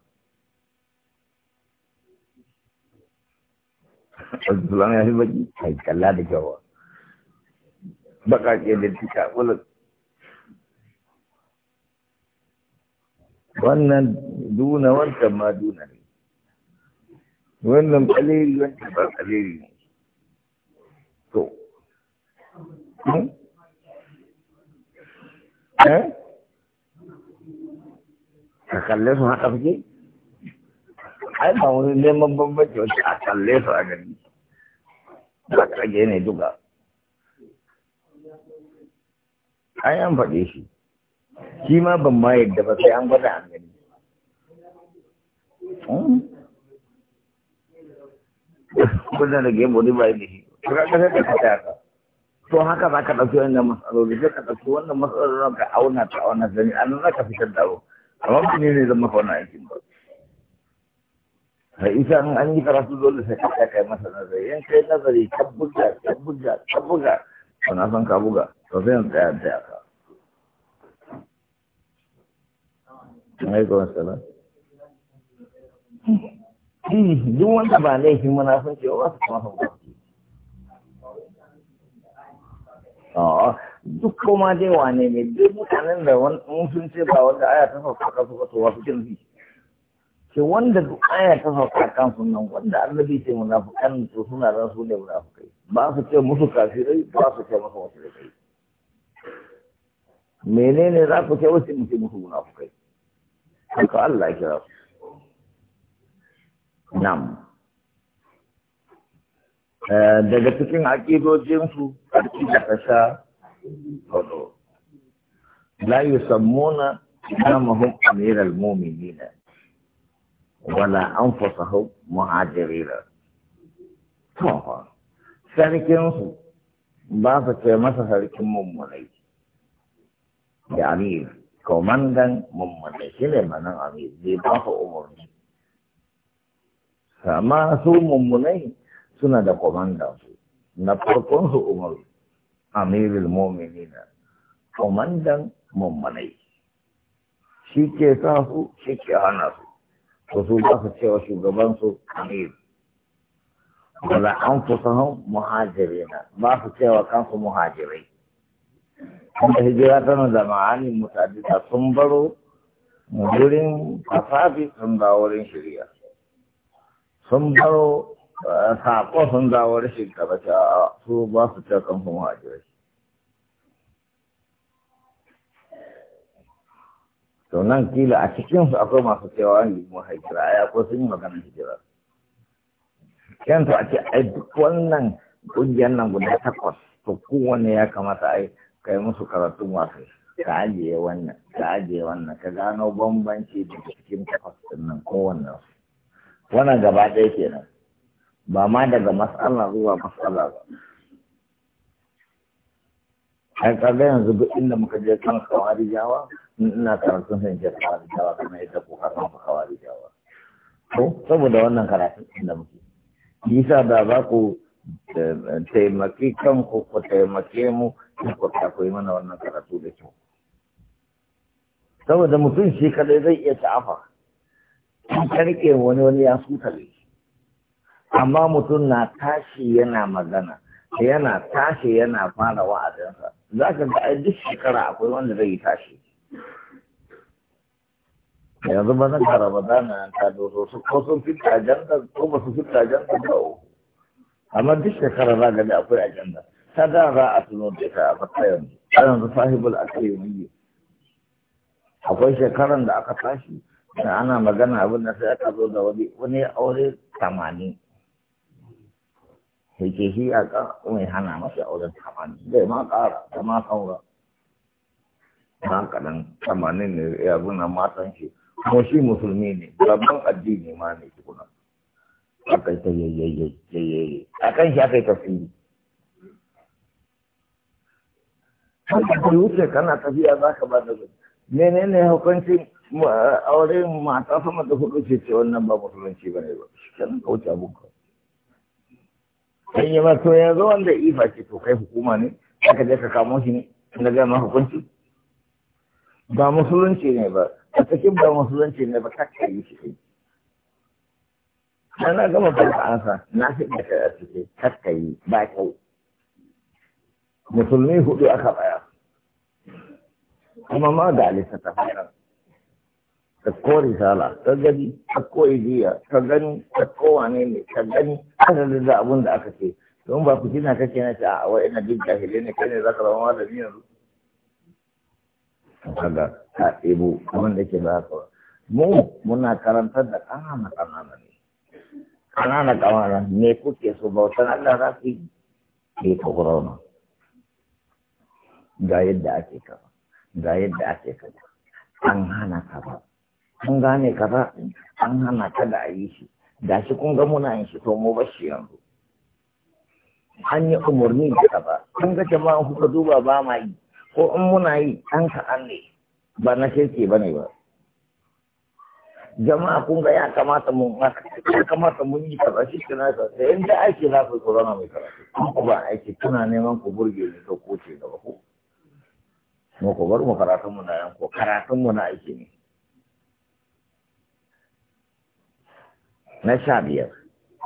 [SPEAKER 1] Azzulan ya fi baki, kai kalla da kyawa. Baka ke da tuka, wala wannan duna wancan ma duna ne wannan kaleri wancan ba kaleri ne to hmm? eh ka kalle su haka fike ai ba wani neman bambanci wacce a kalle su a gani ba kage ne duka ai an faɗe shi shi ma ban ma yadda ba sai an gwada an gani hmm? kuna da gemu wani ba da shi kasa da ka to haka za ka ɗauki wannan matsaloli sai ka ɗauki wannan matsalolin ka auna ta auna zani an za ka fitar da a wani ne ne zama fauna aikin ba sai isa an yi karatu dole sai ka kai masa nazari yan kai nazari ka buga ka buga ka buga kana son ka buga to sai in tsaya da ka alaikun salam duk wanda ba laifin munafunci ba su kuma hukunci duk kuma dai wane ne duk mutanen da mun sun ce ba wanda aya ta sauka kansu ba to wasu kirki ke wanda duk aya ta sauka kansu nan wanda annabi ce munafukan to suna ran su ne munafukai ba su ce musu kafirai ba su ce musu wasu kai. menene za ku ce wasu mutum musu munafukai haka Allah ya kira su nam daga cikin aƙidojinsu ƙarfi da ƙasa hudu la yusammuna imamahum amiral mu'minina wala anfusahum muhajirina to sarkinsu ba su ce masa sarkin mummunai da amir komandan mummune ne manan amir zai ba su umarni amma su mummunai suna da komandan su na farkon su umar amirul mu'minina komandan mummunai shi ke sa su shi ke hana su to su ba su cewa shugaban su amir wala an fusahun muhajirina ba su cewa kansu muhajirai da hijira tana da ma'ani mutadita sun baro wurin kafafi sun da wurin shirya sun baro eh, saƙo sun da wurin shirya ta su ba su ce kan kuma hajjira to nan kila a cikinsu akwai masu cewa an yi mu hijira ya ko sun yi hijira yanzu a ce ai duk wannan ƙungiyar nan guda takwas to kowanne ya kamata a yi kai musu karatun wasu ka ajiye wannan ka ajiye wannan ka gano bambanci da cikin kafas din nan kowannen wannan gaba ɗaya kenan ba ma daga mas'ala zuwa mas'ala ba ai kaga yanzu duk inda muka je kan kawari jawa ina karatun sun je kawari jawa kuma ita ko karatun ka kawari jawa to saboda wannan karatun inda muke sa da za ku eh, taimaki kanku ku taimake mu makwabta ku mana wannan karatu da kyau saboda mutum shi kadai zai iya ta'afa an rike wani wani ya ne amma mutum na tashi yana magana yana tashi yana fara wa'azinsa za ka ga ai duk shekara akwai wanda zai tashi yanzu ba zan kara ba za na ta doso su ko sun fi ajanda ko ba su fi ajanda ba amma duk shekara za ga da akwai ajanda ta da za a tuno da ta a matsayin a yanzu sahibul akwai wani akwai shekaran da aka tashi da ana magana abin da sai aka zo da wani wani aure tamanin yake shi a ka mai hana masa auren tamanin zai ma ƙara ta ma saura ma kaɗan tamanin ne ya guna matan shi kuma shi musulmi ne babban addini ma ne shi aka yi ta yayyayi akan shi akai tafsiri haka wuce kana tafiya za ka ba da menene hukuncin aure mata sama da hudu ce ce wannan ba musulunci kana ka wuce ka yi ma to yanzu ifa ce to kai hukuma ka kamo shi ne na gama hukunci ba musulunci ne ba a cikin ba musulunci ne ba kakka yi shi kai na gama ba ansa na fi da a cikin kakka yi ba kai musulmi hudu aka baya kuma ma ga ta fara ta kori risala ta gani ta ko ijiya ta gani ta wane ne ta gani aka da abin da aka ce don ba ku gina kake na ta a wai ina jahili ne kai ne za ka zama malami yanzu kaga ta ɗebo abin da ke za ka mu muna karantar da ƙanana ƙanana ne ƙanana ƙanana ne kuke so bautan Allah za ku yi ke ta ga yadda ake kafa, ga yadda ake kaza an hana kafa, an gane kafa an hana ka da a yi shi da shi kun ga muna yin shi to mu ba shi yanzu an yi umarni da kaza kun ga jama'a kuka duba ba ma yi ko in muna yi an an ne ba na shirke ba ne ba jama'a kun ga ya kamata mun ya kamata mun yi kaza shi kana ka sai in da aiki za ku tsoro na mai karatu ba aiki tuna neman ku burge ne to ko ce gaba ku mu ko bar mu karatun mu na yan ko karatun mu na aiki ne na sha biyar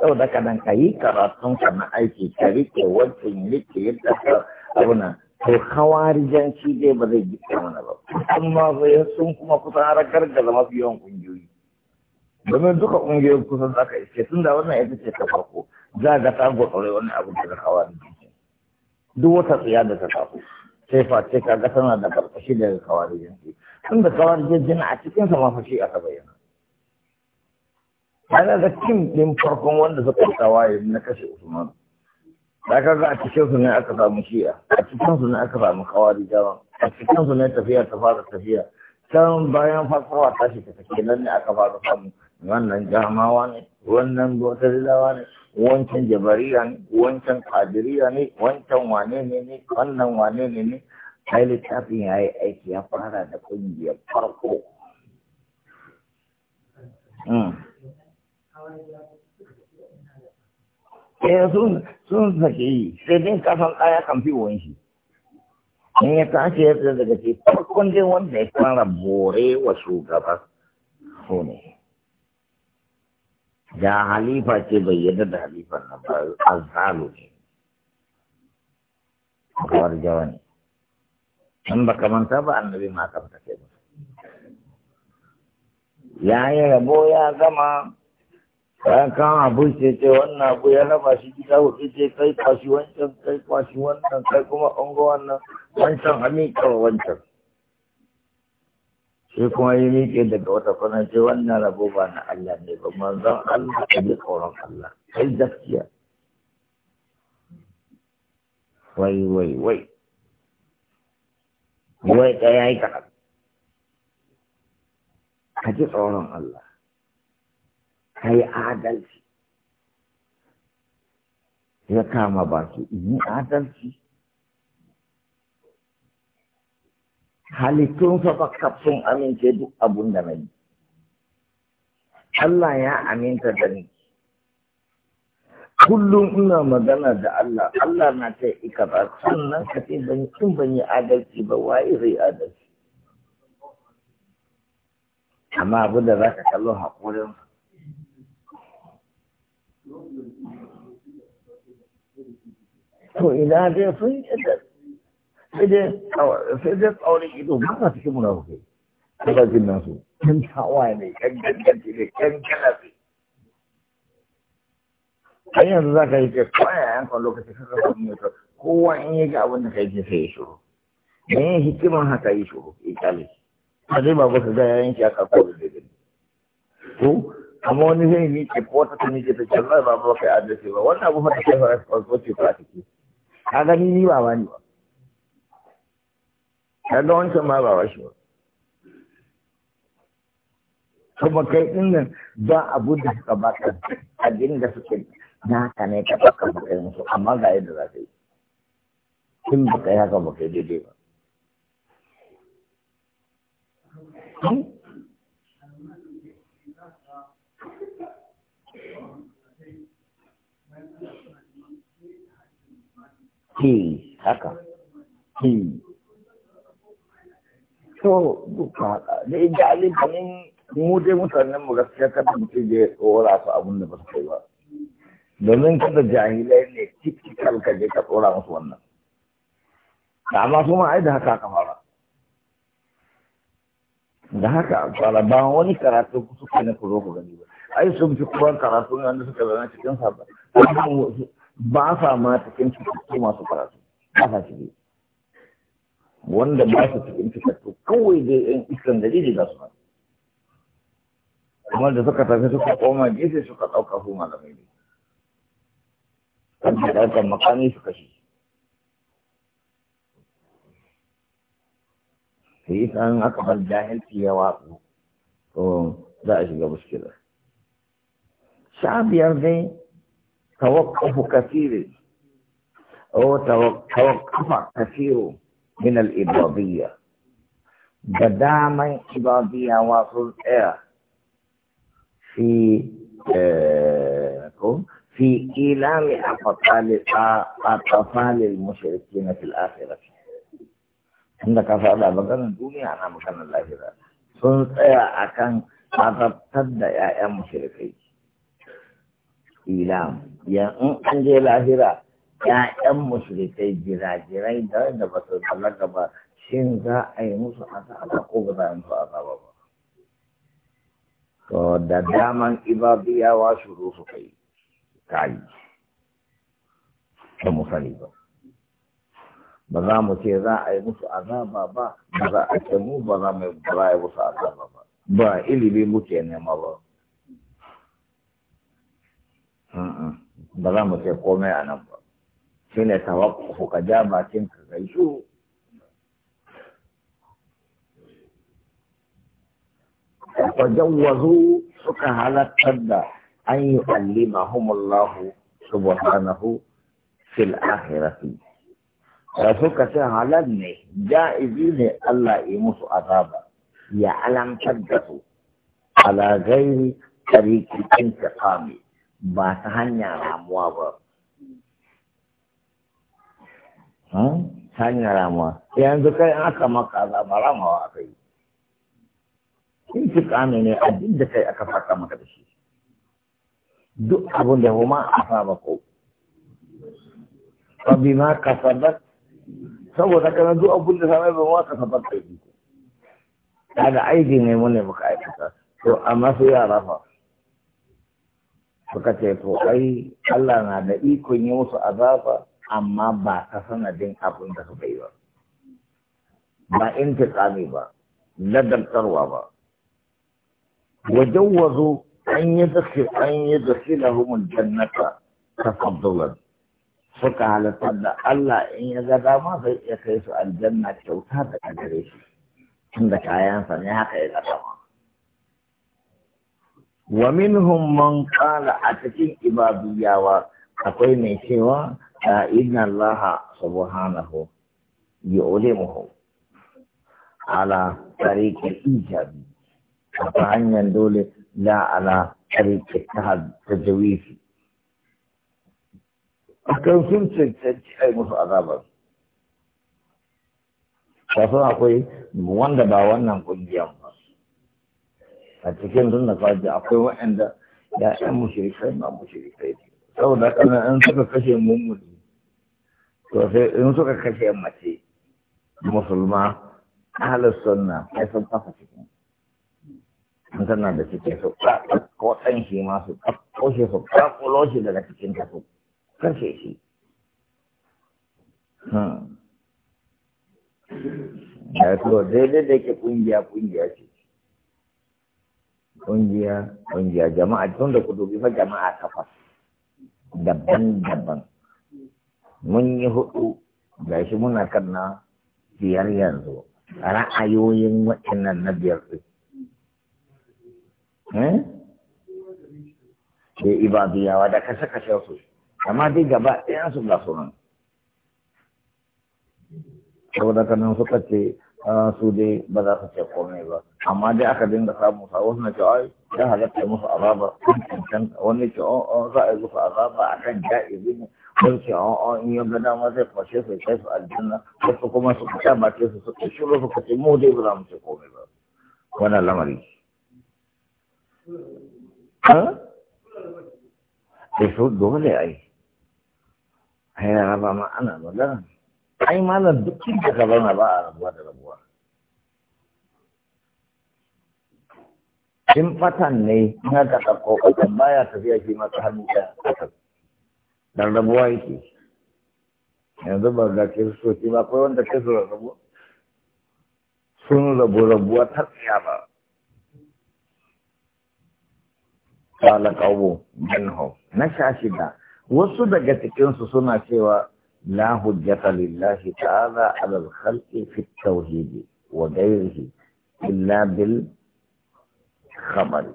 [SPEAKER 1] sau da ka ka yi karatun ka na aiki ka rike wancan yake yadda ka abuna to hawarijanci dai ba zai gita mana ba amma zai sun kuma kusan har gargaza mafi yawan kungiyoyi domin duka kungiyoyin kusan za ka iske tun da wannan ita ce ta farko za ga ta gwakwarai wani abu daga hawarijanci duk wata tsaya da ta tafi sai face ka ga tana da karkashi daga kawarijin yanzu. tun da kawarijin jina a cikin fashi a ta bayyana Yana da kim din farkon wanda suka tsawaye na kashe usman da ka ga a cikin su ne aka samu shi'a a cikin su ne aka samu jama, a cikin su ne tafiya ta fara tafiya can bayan fasawa tashi ta take nan ne aka fara samu wannan jamawa ne wannan bautarilawa ne wancan jabariya ne wancan kadiriya ne wancan wane ne ne wannan wane ne ne sai littafin ya yi aiki ya fara da kungiyar farko hmm. Eh sun sake yi sai ɗin kasan ɗaya kan fi wanshi in ya tashi ya daga ce farkon dai wanda ya fara bore wa shugaba su ne da halifa ce bai yadda da Halifar nan ba azzalu ne kawar jawa ne in ba kamanta ba annabi ma kamta ke ba ya yi rabo ya gama ya kan abu ce ce wannan abu ya raba shi gida hudu ce kai kwashi wancan kai kwashi wannan kai kuma ungo wannan wancan amika wancan sai kuma yi miƙe daga wata kwanan ce wannan rabo ba na Allah ne ba manzon Allah a ji tsoron Allah kai gaskiya wai wai wai wai ka yi kaɗan ka ji tsoron Allah ka yi adalci ya kama baki su yi adalci halittun fa sun amince duk abun da na yi Allah ya aminta da ni kullum ina magana da Allah Allah na ta ika ba sannan ka ce ban kin ban yi adalci ba waye zai adalci amma abu da za ka kallo haƙurin to ina dai sun yi sai dai sai dai tsaurin ido ba sa cikin munafukai kasashen nasu kan tawa ne kan ganganci ne kan galafi har yanzu za ka yi ke kwaya yankan lokacin kan kasa mai ta kowa in yi ga abin da ka yi ke sai ya shuru don yin hikimar haka yi shuru ya kyale ta zai babu ka ga yanki a aka da zai gani ko amma wani zai yi ke ko ta tuni ke ta ce ba ba kai adalci ba wannan abu ta kai a ciki ka gani ni ba ba ni ba kaga wancan ma ba washi ba kuma kai din nan ba abu da suka baka abin da suke ka ne ka baka baka musu amma ga yadda za ka yi Kin ba kai haka ba kai daidai ba Hmm. haka. Hmm. to dukkan da ya ji kanin mu dai mutanen mu gaskiya kada mutum je tsora su abin da ba su kai ba domin kada jahilai ne tikikal ka je ka tsora musu wannan da amma su ma ai da haka aka fara da haka aka fara ba wani karatu suka ne ku zo ku gani ba ai sun fi kuban karatu ne wanda suka zana cikin sa ba ba sa ma cikin cikin masu karatu ba sa cikin wanda ba su cikin fitattu kawai dai yan iskan da riga su kuma da suka tafi suka koma gefe suka ɗauka su malamai ne kan ɗaukar makami suka shi sai yi an aka bar jahilci ya watsu to za a shiga muskila sha biyar dai tawakkafu kasiri o tawakkafa kasiru من الإباضية بدعم إباضية وصل إيه في آه، في إيلام أطفال أطفال المشركين في الآخرة عندك أفعل أبداً الدنيا أنا مكان الله إذا صلت إيه أكان أطفال تدى يا مشركين إيلام يا أنجي الآخرة ‘ya'yan musulmai jirajirai da da ba su balaga ba shin za a yi musu azaba ko ba za a yi musu azaba ba. To da daman ibabiyawa shuru su kai kayi da musali ba. Ba za mu ce za a yi musu azaba ba, ba za a ce mu ba za mu yi musu azaba ba. Ba ilimi muke nema ba. Ba za mu ce komai a nan ba. shi ne ko ka ja bakin ka kai shuru fajawwazu suka halattar da an yi allimahumullahu subhanahu fil akhirati da suka ce halal ne ja'izi ne Allah yi musu azaba ya alamtar da su ala gairi tariki ba ta hanya ramuwa ba hanyar ramuwa yanzu kai an aka maka zama ramawa aka yi in ci kame ne abin da kai aka faka maka da shi duk abin da kuma a saba ko fa bi ma kasabat saboda kana duk abin da sabai ba ma kasabat yi da aiki ne mun ne muka aikata to amma sai yara fa suka ce to ai Allah na da ikon yi musu azaba amma ba ta sanadin abin da suka yi ba ba intiƙami ba ladabtarwa ba وجوزوا أن يدخل أن يدخلهم الجنة تفضلا فك على تد الله إن يجدا ما في يكيس الجنة كوتا تكريس عندك عيان فنياك إلى سما ومنهم من قال أتكين إبادية وأقوي ميشيوا فإن الله سبحانه يعلمه على طريق الإيجاب فعن يندول لا على طريق التجويف أكرم سنت سنت أي مصر أغابا فأصلا أقول موان دبا وانا نقول جيام فأتكين سنة قادة أقول وعند لا أمو شريفين أمو شريفين saboda kana an suka kashe mummuni to sai in suka kashe mace musulma ahlus sunna sai sun kafa cikin in tana da cikin su ko ɗan shi ma su ko shi su ko shi daga cikin ta su kashe shi hmm. ya to daidai da yake ƙungiya ƙungiya ce ƙungiya ƙungiya jama'a tun da ku dubi fa jama'a kafa. daban-daban mun yi hudu ga shi muna kanna biyar yanzu ra'ayoyin waɗannan na biyar ɗin ke hmm? biyawa da kashe-kashe su amma dai gaba ɗayan su ga sunan saboda kanan suka ce ah, su dai ba za su ce komai ba amma dai aka dinga samu sa wasu na ce ai ya halatta musu azaba kan wani ce on oh, oh, za a yi musu azaba a kan ja'izi ne wani ce on oh, in yi gada ma zai kwashe su kai su aljanna wasu kuma su fita bakin su suka shiru suka ce mu dai ba za mu ce komai ba wannan lamari sai eh, su dole ai ai raba ma ana magana ai malam duk da ka zauna ba a rabuwa da rabuwa in fatan ne na da ɗauko ƙasan baya tafiya shi masu hannu ɗaya dan rabuwa yake yanzu ba ga kiristoci ba akwai wanda ke su rabu sun rabu rabuwa ta tsaya ba kala kawo minhum na sha shida wasu daga cikinsu suna cewa la hujjata lillahi ta'ala ala al-khalqi fi at-tauhid wa ghayrihi illa bil khamari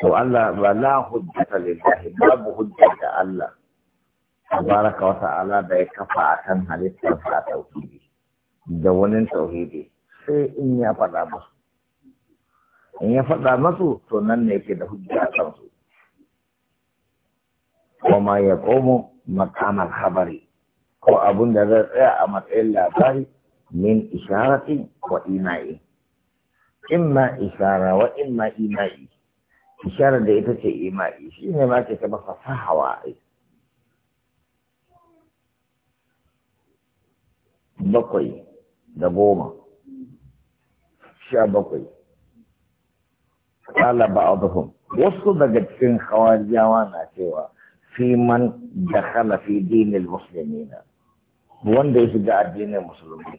[SPEAKER 1] to Allah ba la hujjata lillahi babu hujja ga Allah Abaraka wa ta'ala da ya kafa akan halittar sa tauhidi da wani tauhidi sai in ya faɗa masu, in ya faɗa musu to nan ne yake da hujja kan su kuma ya komo makaman habari ko abun da zai tsaya a matsayin labari min isharatin wa na'i. imma isara wa imma ima'i isharar da ita ce ima'i shi ne ma ke kama fasahawa bakwai da goma sha bakwai kala ba'aduhum wasu daga cikin hawariyawa na cewa fi man da kala fi dinil muslimina wanda ya shiga addinin musulmi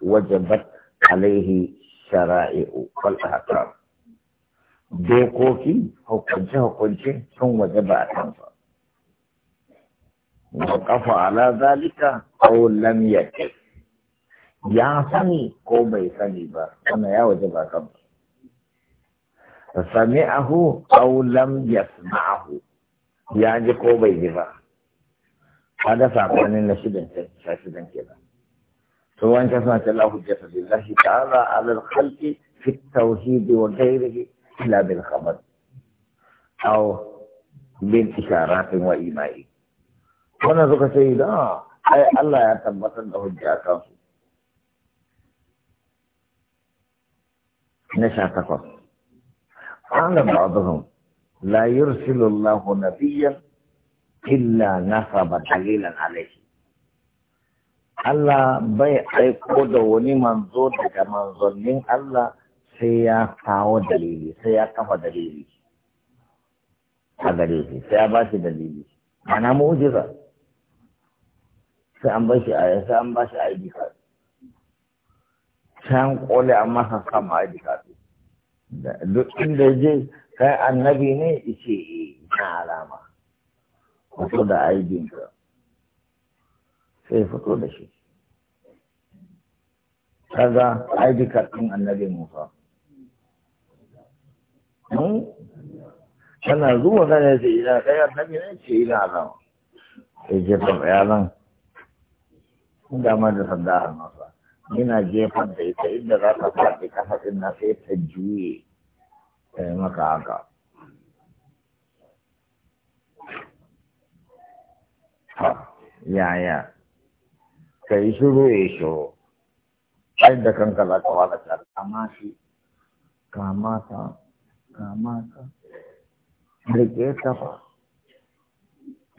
[SPEAKER 1] wajen bat alaihi shara'i'u wal ahkam
[SPEAKER 2] dokoki
[SPEAKER 1] hukunce hukunce sun waje ba a kansa wa ala zalika aw lam yakif ya sani ko bai sani ba wannan ya waje ba kansa sami'ahu aw lam yasma'ahu ya ji ko bai ji ba kada sakonin na shidan shidan kenan سواء كانت الله حجة لله تعالى على الخلق في التوحيد وغيره إلا بالخبر أو بالإشارات وإيماء ذوك سيدا أي الله يعتبط له الجاكا نشاتك قال بعضهم لا يرسل الله نبيا إلا نصب دليلا عليه Allah bai aiko da wani manzo daga manzonin Allah sai ya kawo dalili sai ya kafa dalili a gare shi sai ya ba shi dalili mana mu'jiza sai an ba shi aya sai an ba shi ID card sai an kole an masa sama ID card duk inda je kai annabi ne ice eh, na alama wato da ID card sai fito da shi kaga ID card din annabi Musa hmm? kana zuwa kana ce ina kai annabi ne ce ina nan sai jefan yalan dama da sanda a nasa ina jefan da ita inda za ta faɗi kasa ɗin na sai ta juye ta yi maka haka yaya ka yi shiru ya shiru sai da kanka za ka wala ta kama shi kama ta kama ta rike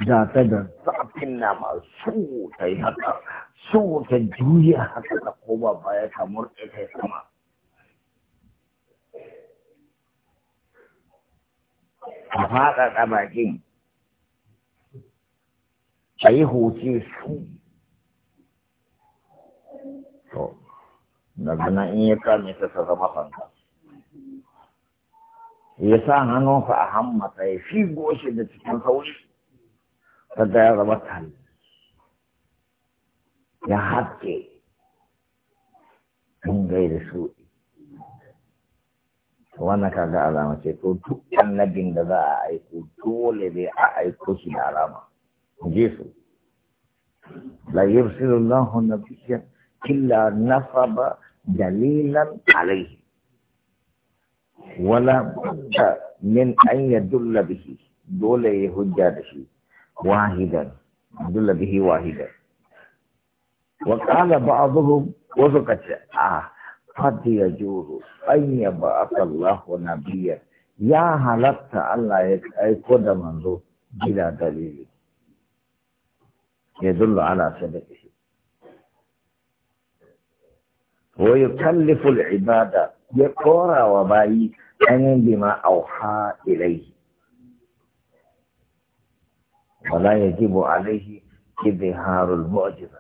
[SPEAKER 1] da ta da zafin na masu ta yi haka su ta juya haka ta koma baya ta murɗe ta sama a faɗaɗa bakin a yi hoce su daga nan in ya kame ta ta zama fanka ya sa hannunsa a hammata ya fi goshi da cikin sauri sadda ya zama tali ya haske in gaida su wannan kaga alama ce to duk annabin da za a aiko dole ne a aiko shi da alama je su la yursilu Allahu nabiyyan illa nasaba dalilan alaihi wala budda min an yadulla bihi dole ya hujja da shi wahidan dulla bihi wahidan wa qala ba'dhum wa ce a ya juru an yab'atha na nabiyya ya halatta Allah ya aiko da manzo bila dalili yadullu ala sadaqi ويكلف العبادة يقرا وباي أن بما أوحى إليه ولا يجب عليه إظهار المعجزة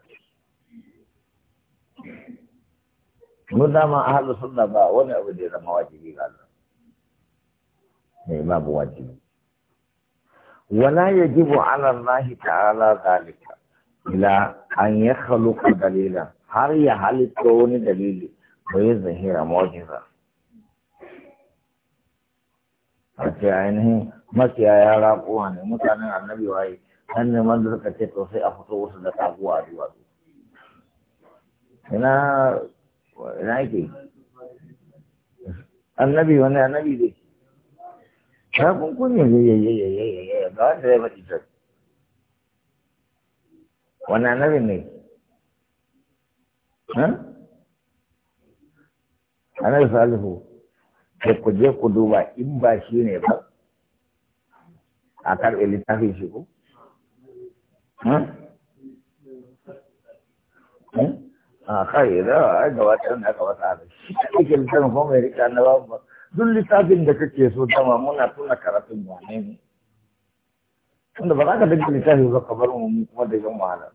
[SPEAKER 1] مدام أهل السنة ولا أبدي لما واجبي إيه، ما بواجبي ولا يجب على الله تعالى ذلك إلى أن يخلق دليلا har ya halitta wani dalili ko ya zahira mu'jiza a ce ainihin makiyaya raƙuwa ne mutanen annabi waye an neman da suka ce to sai a fito wasu da kaguwa a duwatsu ina ina yake annabi wani annabi dai ya kunkunye yayayayayayaya ga wanda zai faɗi ta wani annabi ne Anar salihu, sai kuje ku duba in ba shi ne ba, a karɓe littafin shi ha? A kai da a wata da aka wata da shi ake littafin kuma mai rika na ba duk littafin da kake so dama muna tuna karatun wane ne. Tunda ba za ka dinga littafin ba ka bar mu kuma da jan wahala.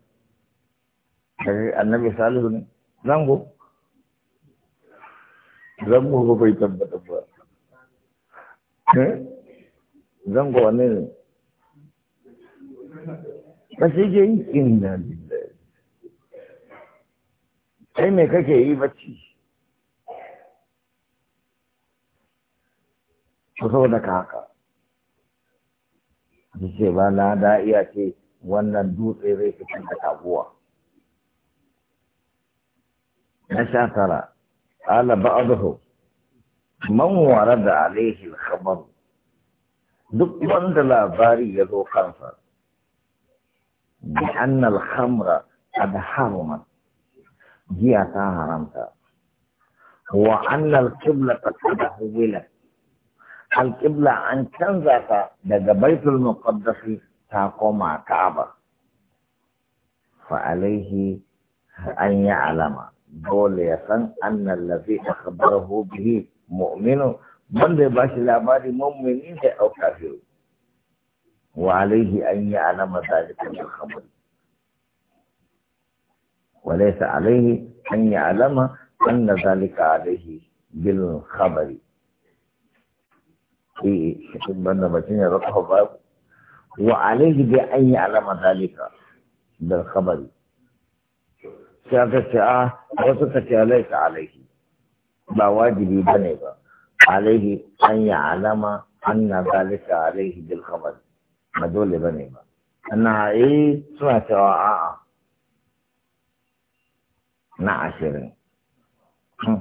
[SPEAKER 1] Annabi salihu ne. zango zango ba bai tabbata ba eh? zango ne ba shi ke yi inda kai me kake yi bacci ku da ka haka ce ba na da iya ce wannan dutse zai fitar da taguwa فسافر قال بعضه من ورد عليه الخبر دك من دلا باري يدو خنفا بأن الخمر قد حرمت جياتا حرمتا وأن القبلة قد حولت القبلة عن كنزاتا دد بيت المقدس تاقوم كعبة فعليه أن يعلم دول يسان أن الذي أخبره به مؤمن من باش لأمار مؤمنين أو كافر وعليه أن يعلم ذلك الخبر وليس عليه أن يعلم أن ذلك عليه بالخبر وعليه بأن يعلم ذلك بالخبر sai aka ce a ah, wasu ka ce alaika alaihi ba wajibi ba ne ba alaihi an ya alama an na zalika alaihi bil khabar ba dole ba ne ba na eh suna cewa a'a na ashirin hmm.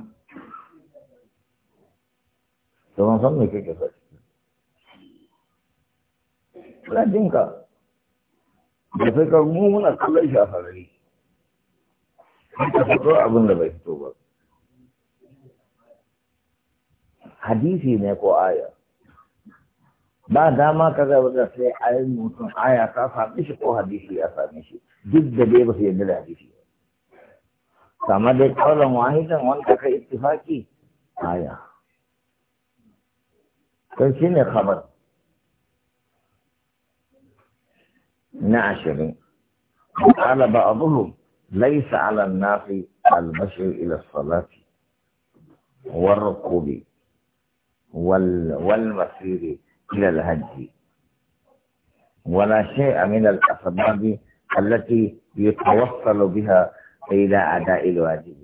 [SPEAKER 1] to ban san me kake so ladinka da sai ka mu muna kallon shi a sarari har fito abin da bai fito ba hadisi ne ko aya ba dama ka zaba da sai ayin mutum aya ta sami shi ko hadisi ya sami shi duk da dai ba su yarda da hadisi kama dai kaulan wahidan wanda ka ittifaki aya kai shi ne khabar na ashirin قال بعضهم ليس على الناس البشر إلى الصلاة والركوب وال والمسير إلى الهج ولا شيء من الأسباب التي يتوصل بها إلى أداء الواجب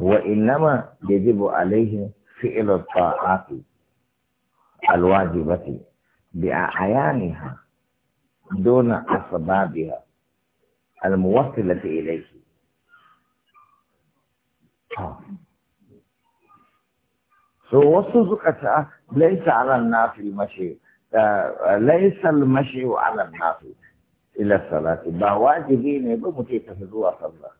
[SPEAKER 1] وإنما يجب عليه فعل الطاعات الواجبة بأعيانها دون أسبابها الموصلة إليه سو آه. آه، ليس على النافي المشي آه، ليس المشي على النافي إلى الصلاة ما واجبين بمتيك في ذوى صلى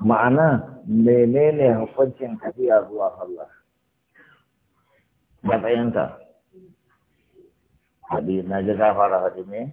[SPEAKER 1] معنى منين هفنشن كثير ذوى صلى ما بينتا حديث نجد أفرادة مين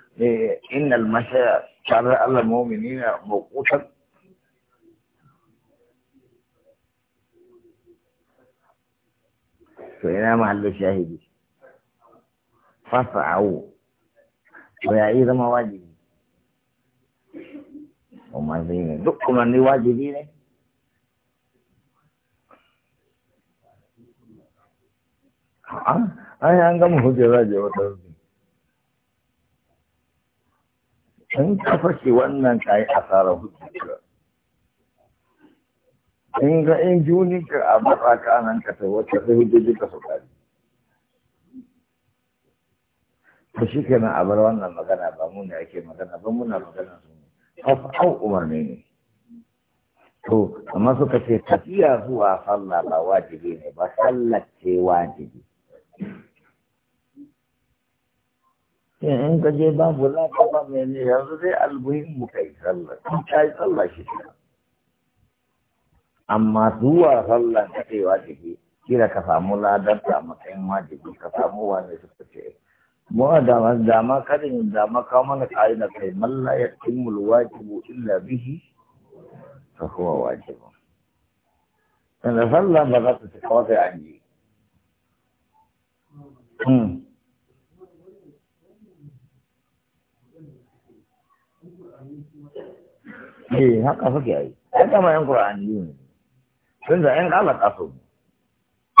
[SPEAKER 1] إن المشي شرع المؤمنين موقوتا فإلى محل الشاهد فافعوا ويعيد مواجبه وما زين دقكم أني واجبين أنا أنا أنا أنا أنا in ka fashe wannan ka yi asarar hujjinka in ga in juninka a matsa ka nan ka sai wata sai hujjojin ka su kari ta shi a bar wannan magana ba mu ne ake magana ba muna magana su ne au umarni ne to amma suka ce tafiya zuwa sallah ba wajibi ne ba sallah ce wajibi in ka je ba za ka ba mai ne yanzu zai albuhin mu kai sallah in ka yi sallah shi ne amma zuwa sallah ta kai wajibi kira ka samu ladar ta matsayin wajibi ka samu wani suka ce mu da ma dama da dama ka mana kai na kai malla ya timmul wajibu illa bihi fa huwa wajibu dan sallah ba za ta ci kawai an yi hmm. ايه هكا فكي هكا ما ينقر عن دين فانت ان غلط اصوم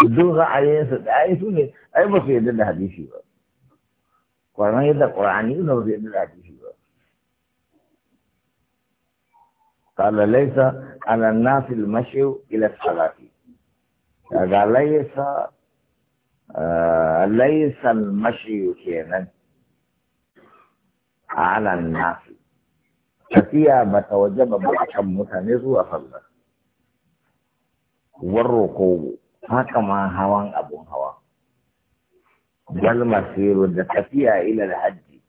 [SPEAKER 1] الدوغة عيسة عيسون اي بصي يدل هديشي بقى قرآن يدل قرآن يدل بصي يدل هديشي بقى قال ليس على الناس المشي الى الصلاة قال ليس آه، ليس المشي كينا على الناس tafiya ba ta waje ba ba kan mutane zuwa falla warro ko haka ma hawan abun hawa galma siru da tafiya ila hajji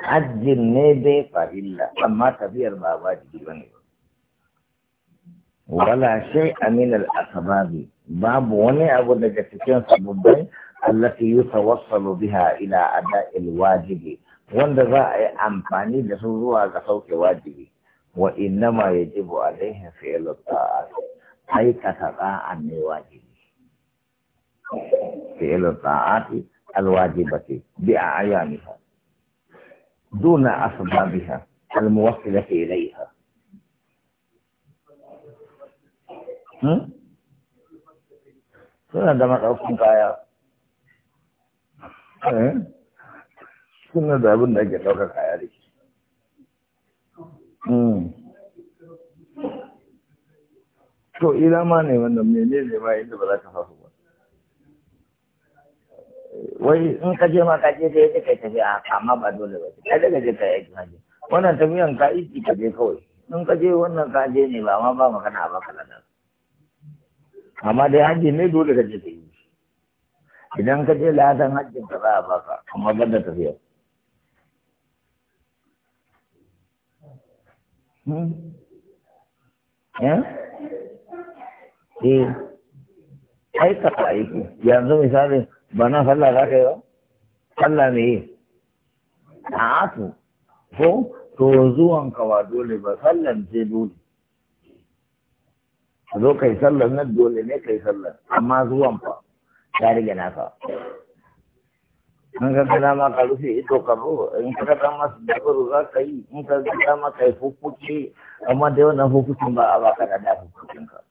[SPEAKER 1] hajjin ne dai fahilla amma tafiyar ba ba jiki ba ne wala shay amin al asbabi babu wani abu daga cikin sababbai allati yusawassalu biha ila ada'il wajibi wanda za a yi amfani da su zuwa ga sauke wajibi wa innama yajibu alaihi fi'lu ta'at aikata ta'an ne wajibi fi'lu ta'ati alwajibati bi a'yaniha duna asbabiha almuwassilati ilaiha hmm? suna da maɗaukin kaya eh? suna da abin da ake ɗaukar kaya da ke. Hmm. to ina ma ne wannan mene ne ma inda ba za ka faso ba wai in ka je ma ka je sai kai tafi a kama ba dole ba kai daga je ka yi haji wannan tafiyan ka yi ka je kawai in ka je wannan ka je ne ba ma ba magana ba kala da amma dai haji ne dole ka je ka yi idan ka je ladan hajjin ka za a baka amma ban da tafiya Hmm? eh, eh. aikata aiki yanzu misali bana sallah za ka yi ba sallah me yi a asu ko to zuwan ka ba dole ba sallan ce dole a zo kai sallan na dole ne kai sallan amma zuwan fa ta rige naka in ka gana ma ka rufe ido ka bo in ka gana ma su dafa za ka yi in ka gana ma ka yi fuffuke amma da wannan fuffuken ba a baka da da ka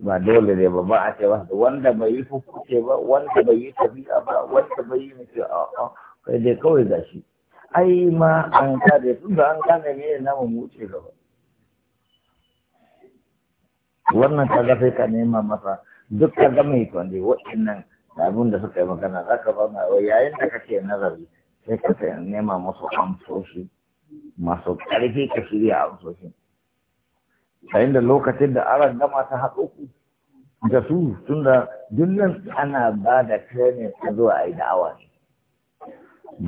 [SPEAKER 1] ba dole ne ba ba a ce wasu wanda bai yi fuffuke ba wanda bai yi tafiya ba wanda bai yi mace a kai dai kawai gashi ai ma an kare tun da an gane ne na mu wuce gaba wannan ka gafe ka nema masa duk kaga mai kwande nan. da abin da suka yi magana za ka zauna wai yayin da kake nazari sai ka nema masu amsoshi masu ƙarfi ka shirya amsoshi yayin da lokacin da aran gama ta haɗo ku da su tun da ana ba da training ta zuwa a yi da'awa ne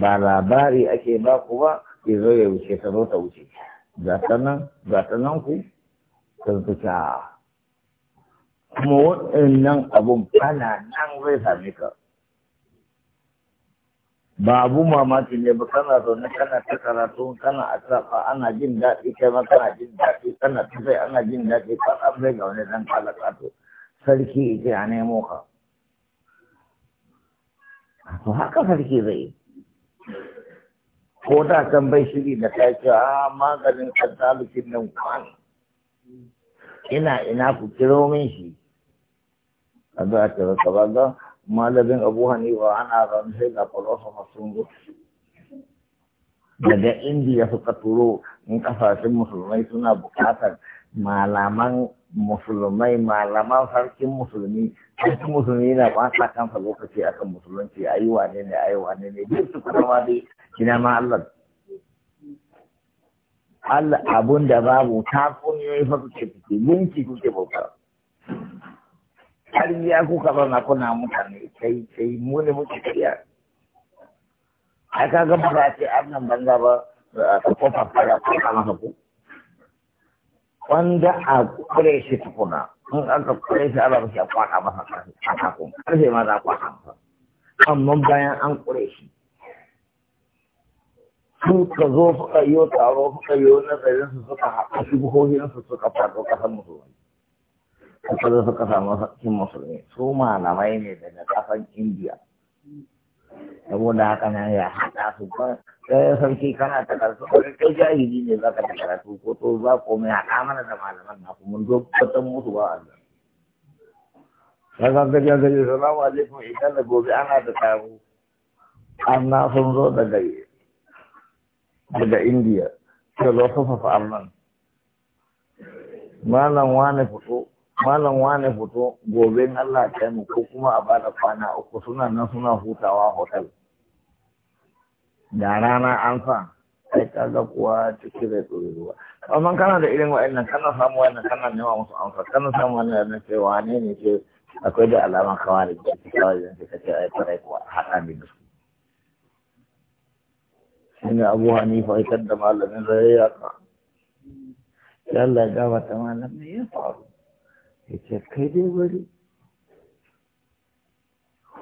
[SPEAKER 1] ba labari ake ba ku ba ke zo ya wuce ta zo ta wuce ga nan ku ta zuta kuma waɗannan abun ana nan zai same ka ba abu mamaki ne ba kana zaune kana ta karatu kana a asafa ana jin daɗi kai ma kana jin daɗi kana ta sai ana jin daɗi ka an zai ga wani kala kalakato sarki ita ya nemo ka to haka sarki zai ko da kan bai shiri da ta ce a maganin kan talukin nan kwan ina ina ku kiro min shi a za a ce ka ba malamin abu hanifa ana ran sai ga filosofa sun daga indiya suka turo in kasashen musulmai suna bukatar malaman musulmai malaman sarkin musulmi sarkin musulmi na kwasa kansa lokaci akan musulunci ayi wane ne ayi wane ne duk su kuma ma dai kina ma Allah Allah abun da babu ta kunyoyi fa kuke fice gunki kuke bauta har ya kuka zauna kuna mutane kai kai mu ne muke kariya ai ga ba za a ce an nan banza ba a kofa fara ko ka kama ku wanda a kure shi tukuna in aka kure shi ana mashi a kwaka masa karfi a kakun karfe ma za a kwaka masa amma bayan an kure shi ka zo suka yi taro suka yi nazarin su suka haɗa su suka faɗo ƙasar musulmi suka zo suka samu cikin musulmi su malamai ne daga kasan indiya saboda haka nan ya haɗa su ɗaya sarki kana ta karatu kai kai jahili ne za ka ta karatu ko to za ko mai haɗa mana da malaman na kuma zo musu ba a Allah ga gajiya gajiya salamu alaikum idan da gobe ana da taro na sun zo daga daga indiya filosofa fa annan malam wani fito malam wane fito gobe Allah ta ko kuma a bada kwana uku suna nan suna hutawa hotel da rana an sa sai ga kuwa cikin da tsoriwa amma kana da irin wa'annan kana samu wa'annan kana nema musu amsa kana samu wani yana ce wane ne ce akwai da alaman kawari da kawari da ka ce ai farai kuwa haɗa mi da su shine Abu Hanifa ita da malamin zai ya ka Allah ya gabata malamin ya faru ya ce kai dai wuri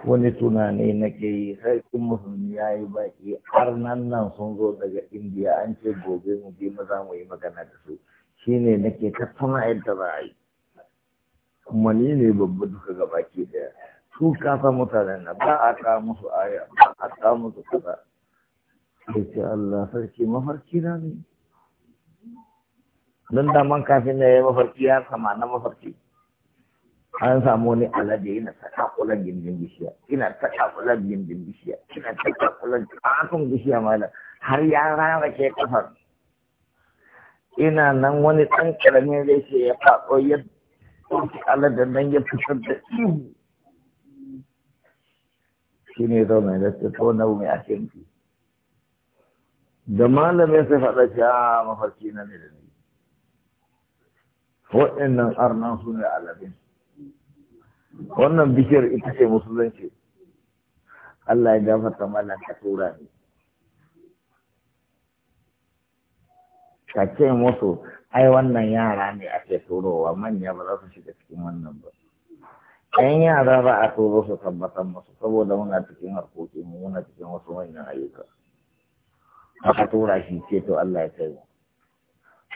[SPEAKER 1] wani tunani nake yi sarkin musulmi ya yi baki har nan nan sun zo daga indiya an ce gobe mu je mu mu yi magana da su shine nake tattauna yadda za a yi kuma ni ne babba duka ga baki daya su kasa mutanen nan ba a kawo musu aya ba a kawo musu kaza sai ce Allah sarki mafarki na ne da man kafin na ya mafarki ya sama na mafarki an samu wani alade yana ta kakulan gindin bishiya ina ta kakulan gindin bishiya ina ta kakulan kafin bishiya mala har ya rara ke kafar ina nan wani ɗan ƙaramin reshe ya faɗo ya ɗauki aladen nan ya fitar da ihu shi ne zaune da ta tona mai a kinki da malamin sai faɗa ce a ah, mafarki na ne da ni waɗannan arnan su ne alabin wannan bishiyar ita ce musulunci Allah ya gafarta mallan ka tura ni ka ce musu ai wannan yara ne ake turowa manya ba za su shiga cikin wannan ba ɗan yara ba a turo su tabbatar musu saboda muna cikin harkoki mu muna cikin wasu manyan ayyuka aka tura shi ce to Allah ya kai mu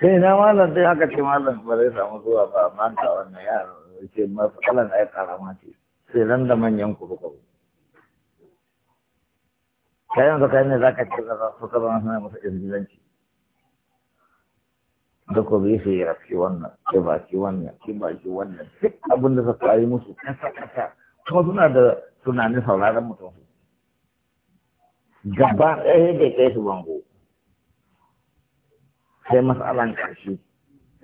[SPEAKER 1] sai na mallan dai aka ce mallan ba zai samu zuwa ba amma ka wannan yaran ce matsalan ai karama ce sai nan da manyan ku kai yanzu kai ne zaka ce za su ka zama suna masa izgilanci da ko bai sai ya fi wannan ki ba ki wannan ki ba ki wannan duk abin da suka yi musu kasa kasa kuma suna da tunanin sauraron mutum gaba ɗaya da kai su bango sai matsalan ƙarshe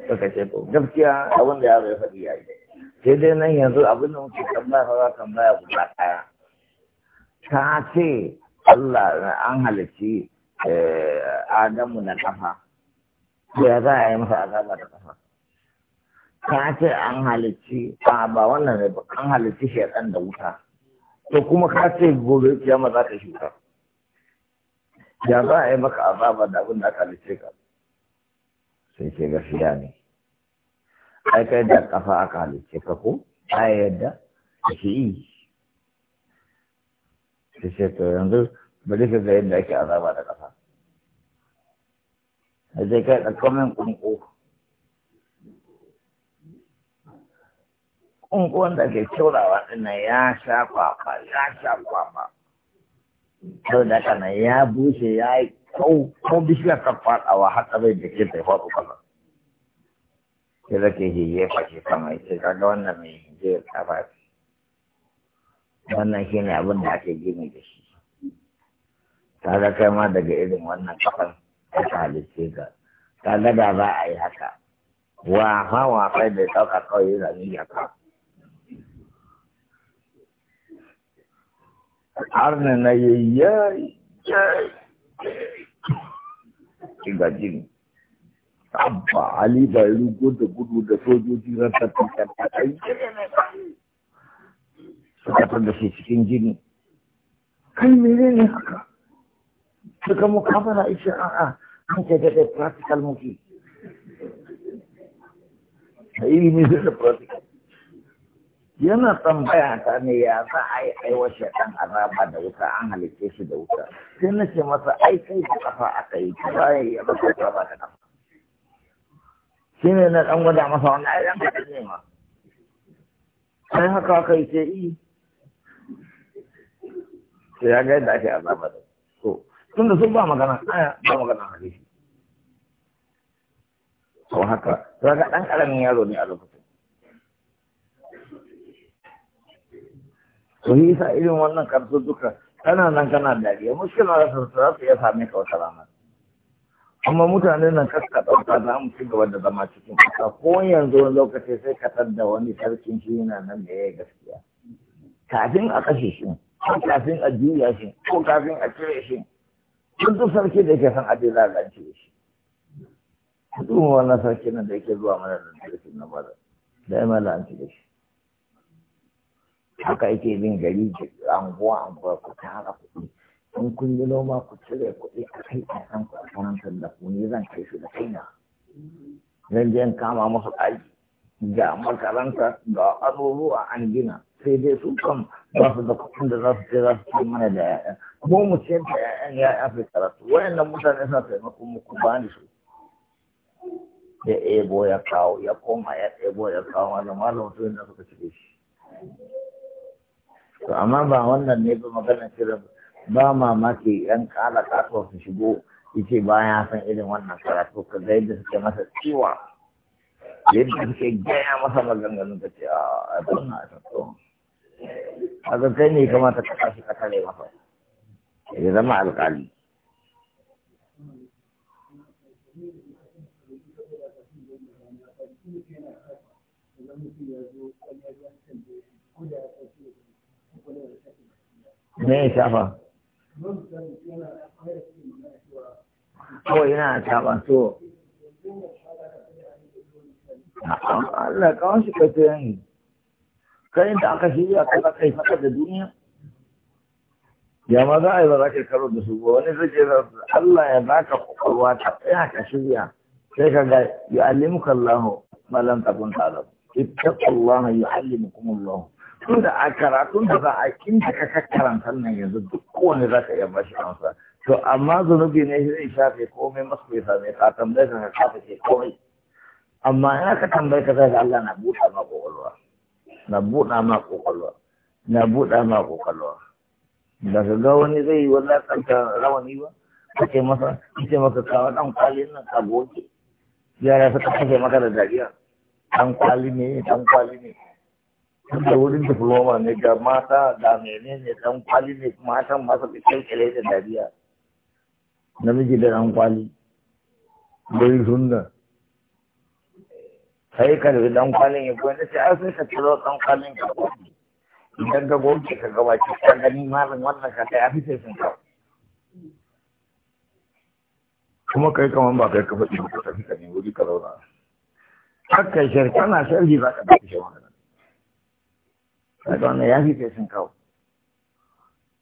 [SPEAKER 1] suka ce to gaskiya abin da ya zai faɗi ya yi sai dai nan yanzu abin da muke tambaya fa tambaya guda ɗaya ta ce Allah an halicci eh, Adamu na kafa ya za a yi masa azaba da kafa ta ce an halicci ba ba wannan ne ba an halicci shaitan da wuta to kuma ka ce gobe kiyama za ka shuka ya za a yi maka azaba da abin da aka halicce ka sai ce gaskiya ne ai kai da kafa aka halice ka ko ai yadda ke yi ta ce to yanzu bari ka zai yadda ake azaba da kafa a zai kai da min kunko ƙunƙo wanda ke kyaurawa ina ya sha kwakwa ya sha kwakwa kyau da kana ya bushe ya yi kau ko bishiyar ka faɗawa haka bai jikin ta ya faɗo sai da ke jiye fashe sama ya ga wannan mai je tsafa wannan shi ne abin da ake gini da shi ta da kai ma daga irin wannan kafan aka halitta ka ta da da za a yi haka wa ha wa kai da ɗauka kawai yana yi haka har na na yi yayi yayi jini abba ali bai rugo da gudu da sojoji ran tattakan suka tar da shi cikin jini kai mene ne haka suka mukabara ishe a'a an ce da practical muke da ilimi da da practical yana tambaya ta ne ya za a yi aiwar shaɗan azaba da wuta an halitta shi da wuta sai na ce masa ai kai da kafa aka yi ta bayan ya ba ta kafa shi ne na ɗan gwada masa wannan ai ɗan kaɗan ne ma
[SPEAKER 2] sai haka aka
[SPEAKER 1] yi ce i sai ya ga yadda ake azaba da so da sun ba magana aya ba magana hadisi sau haka za ga ɗan ƙaramin yaro ne a lokacin to yi sa irin wannan karsu duka kana nan kana dariya muskila za su iya same ka wata rana amma mutanen nan ka ɗauka za mu ci gaba da zama cikin ƙasa ko yanzu wani lokaci sai ka da wani sarkin shi yana nan da ya yi gaskiya kafin a kashe shi ko kafin a juya shi ko kafin a cire shi duk duk sarki da yake san a dai lalace shi duk wannan sarki nan da yake zuwa mana da sarkin na bada da ya lalace da shi haka yake bin gari anguwa anguwa ku tara kuɗi in kun yi noma ku cire kuɗi a kai a san ku a da ku ni zan kai su da kaina zan je in kama musu ɗaki ga makaranta ga abubuwa an gina sai dai su kan ba su da kuɗin da za su ce za su ce mana da ya'ya mu mu ce da ya'yan ya'ya fi karatu wayannan mutane suna taimako mu ku ba su ya ebo ya kawo ya koma ya ebo ya kawo malam malam su yana suka cire shi to amma ba wannan ne ba maganar cire ba ba mamaki yan kala kasuwa su shigo yace baya san irin wannan karatu ka ga yadda suke masa ciwa yadda suke gaya masa maganganun ta ce ah, a abin na tattu a zai kai ne kamata ka tashi ka tare masa ya zama alƙali me ya shafa kawai yana taɓa so
[SPEAKER 2] Allah
[SPEAKER 1] kawai shi kai tuyan kai da aka shirya ka za kai fata da duniya ya ma za a yi ba za ka karo da su ba wani zai ce Allah ya za ka kwakwalwa ta tsaya ka shirya sai ka ga yu'allimuka Allah malam tabun ta'lam ittaqullaha yu'allimukum Allah tun da a karatun da za a da ka karanta nan yanzu duk kowane za ka iya bashi amsa to amma zunubi ne zai shafe komai masu bai same ka tambayi ka ka kafa ke komai amma ina ka tambayi ka zai Allah na buɗa ma kokolwa na buɗa ma kokolwa na buɗa ma kokolwa da ka ga wani zai yi wani tsanta rawani ba kake masa kace maka kawo dan kwalin nan ka goge yara suka kace maka da dariya dan kwali ne dan kwali ne da wurin diploma ne ga mata da mene ne dan kwali ne matan masu kyalkyale da dariya namiji da dan kwali bai sunna sai ka da dan kwalin ya kuma sai a sai ka tsaro dan kwalin ka idan ka goge ka gaba ki ka gani malam wannan ka kai a sai sun ka kuma kai kaman ba kai ka faɗi ba ka tafi ka ne wuri ka zauna kai shirka na sharhi za ka tafi shi wannan wannan ya fi sun kawo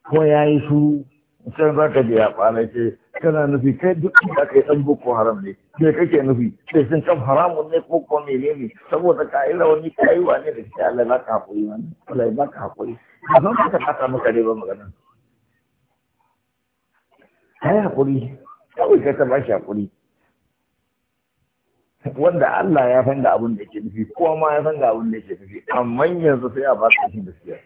[SPEAKER 1] ko ya yi su sai za ka biya kwana ce kana nufi kai duk da kai dan boko haram ne sai kake nufi sai sun kan haramun ne ko ko mene ne saboda ka yi rawani ka yi wane da shi Allah ba ka hakuri wani Allah ba ka hakuri ba san ka kasa maka ne ba magana yi hakuri kawai ka ta ba shi hakuri wanda Allah ya san da abin da ke nufi kowa ma ya san da abin da ke nufi amma yanzu sai a ba su shi gaskiya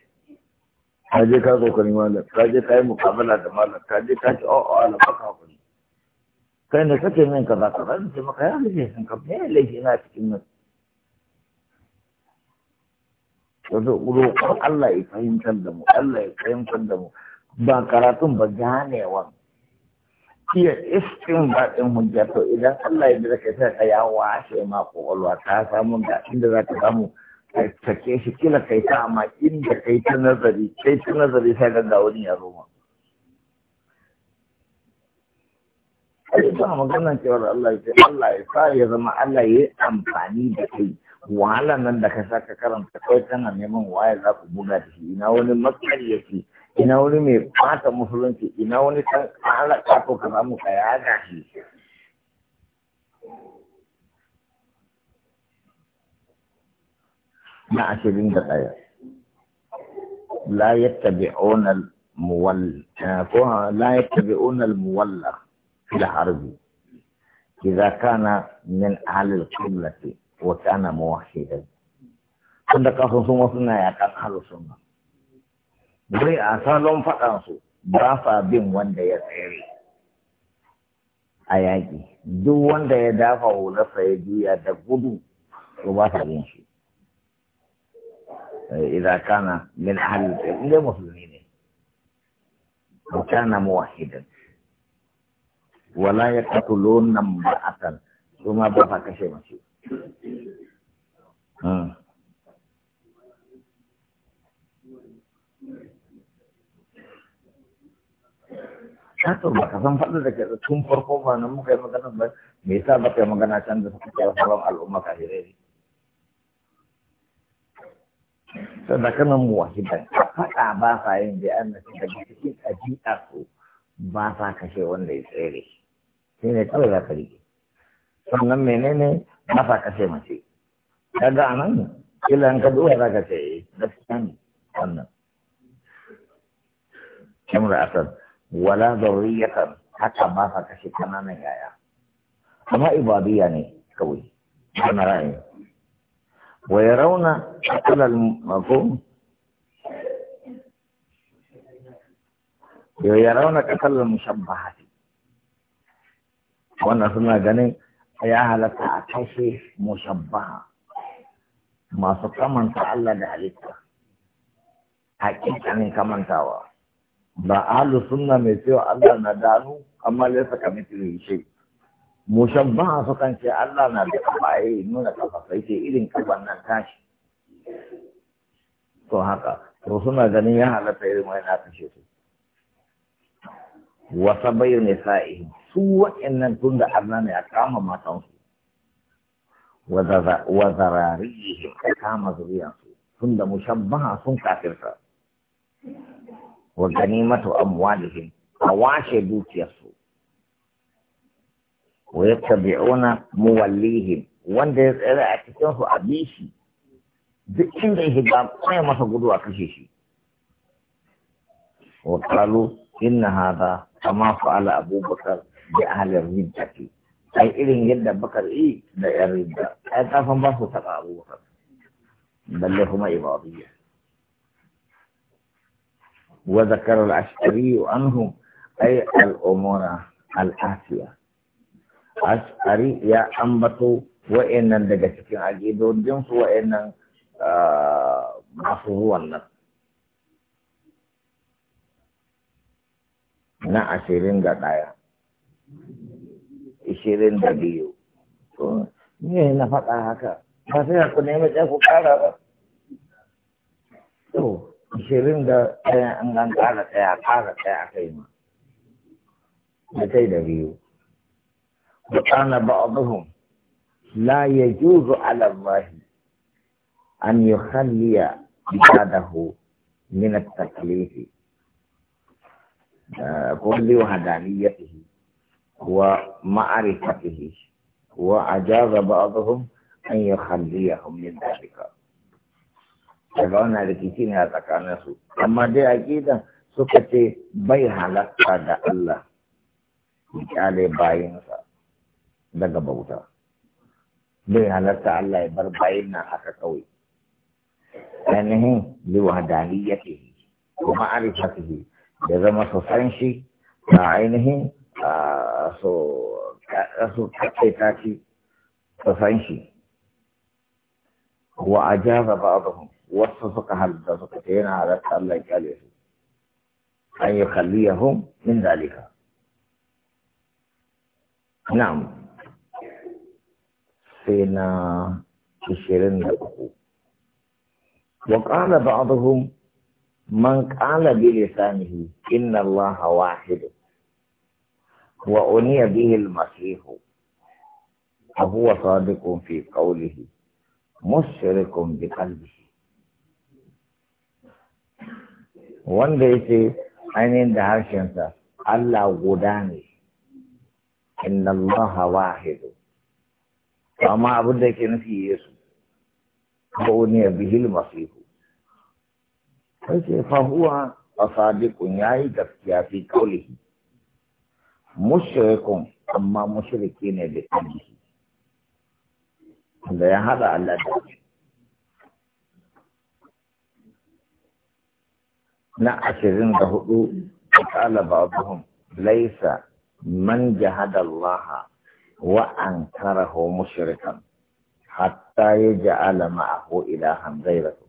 [SPEAKER 1] ka je ka kokarin malam ka je ka yi mukabala da malam ka je ka ce o o ka baka hakuri kai ne kake min kaza kaza in ce maka ya laifi sun ka me laifi na cikin nan wato uru Allah ya fahimtar da mu Allah ya fahimtar da mu ba karatun ba ganewan iya iskin baɗin hujja to idan Allah ya bi zaka sai ka ya washe ma kokolwa ka samu da inda za ka samu ka take shi kila kai ta amma inda kai ta nazari kai ta nazari sai ga wani ya roma ai ba maganan cewar Allah ya Allah ya sa ya zama Allah ya yi amfani da kai wahala nan da ka saka karanta kai kana neman waya za ku buga da shi ina wani yake ina wani mai fata musulunci ina wani san ala kafo ka ba mu ka ya ga shi na ashirin da ɗaya la yattabi'un al muwalla ko la yattabi'un al muwalla fi al harbi idza kana min ahli al qiblati wa kana muwahhidan tunda kafin sun wasu na ya kan halu sunna bai a salon faɗansu ba sa bin wanda ya tsere a yaƙi duk wanda ya dafa hularsa ya juya da gudu to ba sa bin shi eh, idan kana min halin inda musulmi ne ko kana muwahidan wala ya katulun nan ba'atan su ma ba sa kashe mace hmm. kato ba ka san faɗin da ke tun farko ba nan muka yi magana ba me yasa ba ka yi magana can da suka kira sauran al'umma ka hirari kana mu wahidan faɗa ba sa yin da an nasu daga cikin ɗabi'a su ba sa kashe wanda ya tsere shi ne kawai ya ka rike sannan menene ba sa kashe mace kaga a nan kila an ka duba za ka ce eh, gaskiya ne wannan kyamra asad ولا ذريه حتى ما فكش تماما يا اما عبادي يعني قوي انا راي ويرون اكل المفهوم ويرون اكل المشبهات وانا سمع جاني يا هلا تعكسي مشبهة ما سكت من تعلق عليك حكيت عن كمان تعوى ba ahlu sunna mai cewa Allah na danu amma laysa shi. shay mushabbaha su kan ce Allah na da kafaye eh, nuna sai ce irin kafan nan tashi to haka to suna ganin ya halatta irin wani na kashe su wasa bayu ne sa'i su wa'annan tun da Allah ne ya kama matansu wa zararihim ya kama zuriyarsu tunda da mushabbaha sun kafirta wa ganimatu amwalihim a washe dukiyarsu wa yattabi'una muwallihim wanda ya tsere a cikin su a bishi duk inda ya shiga kuma masa gudu a kashe shi wa qalu inna hadha kama fa'ala abubakar bi ahli riddati ai irin yadda bakar yi da yan ridda ai kafan ba su taba abubakar balle kuma ibadiyya وذكر العسكري عنه أي الأمور الآسية عسكري يا أمبتو وإن دقتك عجيب الجنس وإن آه، مصروع النفس na عشرين قطايا عشرين ashirin ايه نفقها هكا ما فيها كنيمة ايه فقالها sai شيرين ده يا قال يا كريم متي وكان بعضهم لا يجوز على الله ان يخلي عباده من التكليف كل وحدانيته ومعرفته وأجاز بعضهم أن يخليهم من ذلك daga wannan rikici ne a tsakanin su? amma dai a aƙidan suka ce bai halatta da Allah ya kyale bayansa daga bauta bai halatta Allah ya bar bayin nan haka kawai ainihin liwadaniyatihi ko ma'arifatihi da zama su san shi da ainihin su kaɗaita shi su san shi هو بعضهم وصفق هل الدفقتين على تألق عليه أن يخليهم من ذلك نعم سينا تشيرين لأخو وقال بعضهم من قال بلسانه إن الله واحد وأني به المسيح فهو صادق في قوله mushrikun bi qalbihi wanda yake ainihin da harshensa Allah guda ne inna Allah wahidu amma abin da yake nufi Yesu ko ne bihil masihu sai fa huwa asadiqun yayi gaskiya fi qawlihi mushrikun amma mushriki ne da kalbihi da ya hada Allah da na ashirin da hudu ƙala ba'dhum laisa man jahada Allah wa ankarahu mushrikan hatta yaj'ala ma'ahu ilahan ghayrahu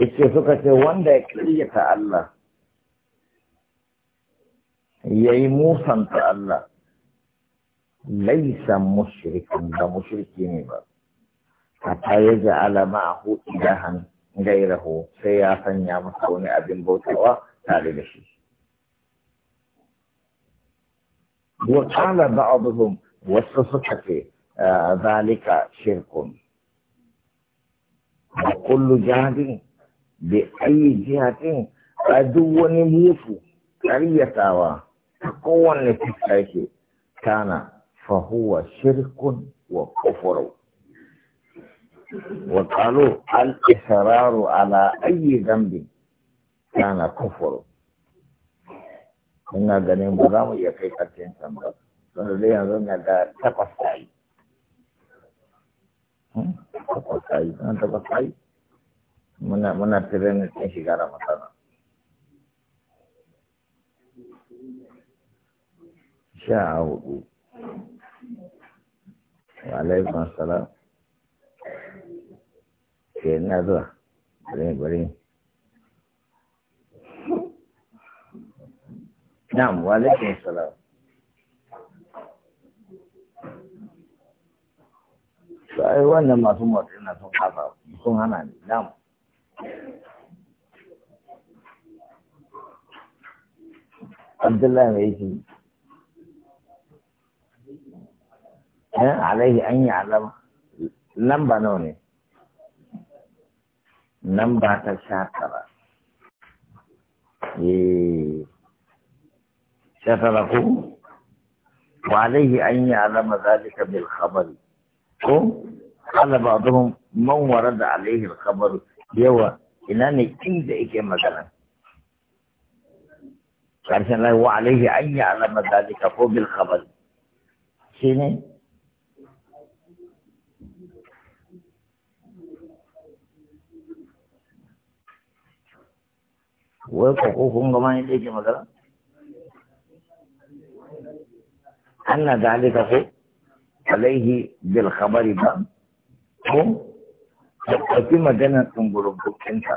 [SPEAKER 1] yace suka ce wanda ya kiyata Allah yayi musanta Allah laisa mushrikin ba mushriki ne ba hatta ya a ma'ahu da gairahu sai ya sanya masa wani abin bautawa tare da shi wa ba ba'dhum wasu suka ce zalika shirkun wa kullu jihadin bi ayi jihadin a duk wani mutu ƙaryatawa ta kowanne fuska yake kana فهو شرك وكفر وقالوا الإصرار على أي ذنب كان كفر ina ganin ba za iya kai karshen san ba wanda dai yanzu na takwas tayi takwas tirenin shiga sha hudu Wa'alaikun salam. Ke na zuwa, bari bari. Na'am, wa'alaikun salam. Sai wannan masu motsi na sun kafa sun hana ni, na'am. Abdullahi mai yi عليه أن يعلم لمبا نوني لمبا تشاكرا إيه. شكره وعليه أن يعلم ذلك بالخبر قال بعضهم من ورد عليه الخبر يوا إلى كيف ذلك مثلا قال الله وعليه أن يعلم ذلك فوق الخبر شنو wai koko kun gama ga mani ke magana anna dalika ko alaihi bil khabari ba ko da kafi bukinta. tsungurubbukinsa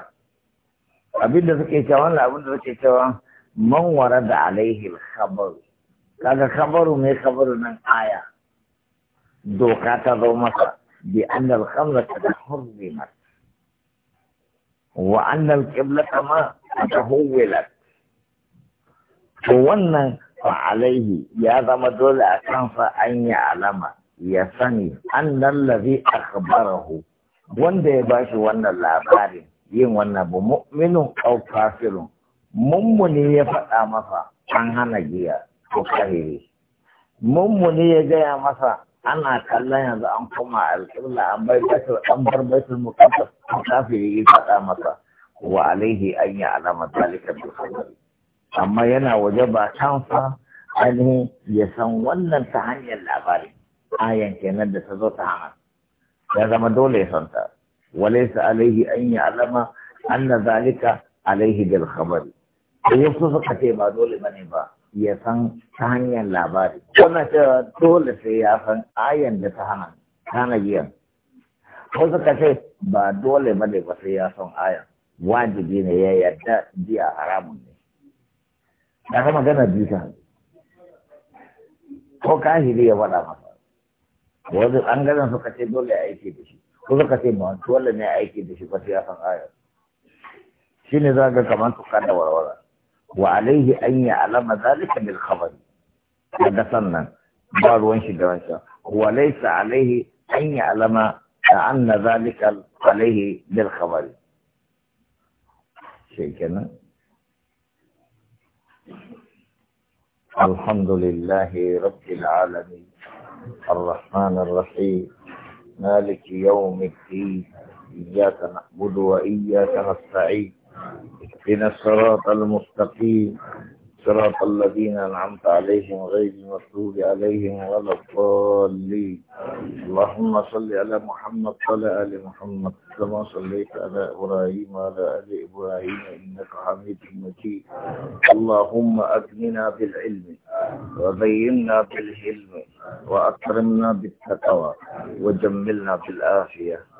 [SPEAKER 1] da suke cewa wannan da suke cewa man wara da alaihi al khabar kaga khabaru mai khabaru nan aya doka ta zo masa bi anna al khamra qad hurrimat wa anna al qiblata ma tahawwalat to wannan fa ya zama dole a kansa an yi alama ya sani an annan a akhbarahu wanda ya bashi wannan labarin yin wannan bu mu'minun aw kafirun mummuni ya faɗa masa an hana giya ko kahiri mummuni ya gaya masa ana kallon yanzu an koma alƙibla an bai bashi an bar baitul muqaddas kafiri ya faɗa masa wa alaihi an yi alama zalika da sauri amma yana waje ba can fa ainihin ya san wannan ta hanyar labari ayan kenan da ta zo ta hana ya zama dole ya san ta su alaihi an yi alama an na zalika alaihi bil khabari ya su suka ce ba dole ba ne ba ya san ta hanyar labari wannan cewa dole sai ya san ayan da ta hana biyan wasu suka ce ba dole ba ne ba sai ya san ayan wajibi ne ya yarda biya haramun ne na ga gana biyu ta ko kahiri ya faɗa masa wani ɓangaren suka ce dole ya aiki da shi ko suka ce ma dole ne aiki da shi ba sai ya san ayar shi ne za ga kamar tuka da warwara wa alaihi an yi alama zalika bil khabari daga sannan ba ruwan shi da wancan wa laisa alaihi an yi alama da na zalika alaihi bil khabari شيكنا الحمد لله رب العالمين الرحمن الرحيم مالك يوم الدين إياك نعبد وإياك نستعين اهدنا الصراط المستقيم صراط الذين أنعمت عليهم غير المغضوب عليهم ولا الضالين اللهم صل على محمد وعلى آل محمد كما صليت على إبراهيم وعلى آل إبراهيم إنك حميد مجيد اللهم أغننا بالعلم وبينا بالحلم
[SPEAKER 2] وأكرمنا
[SPEAKER 1] بالتقوى وجملنا بالعافية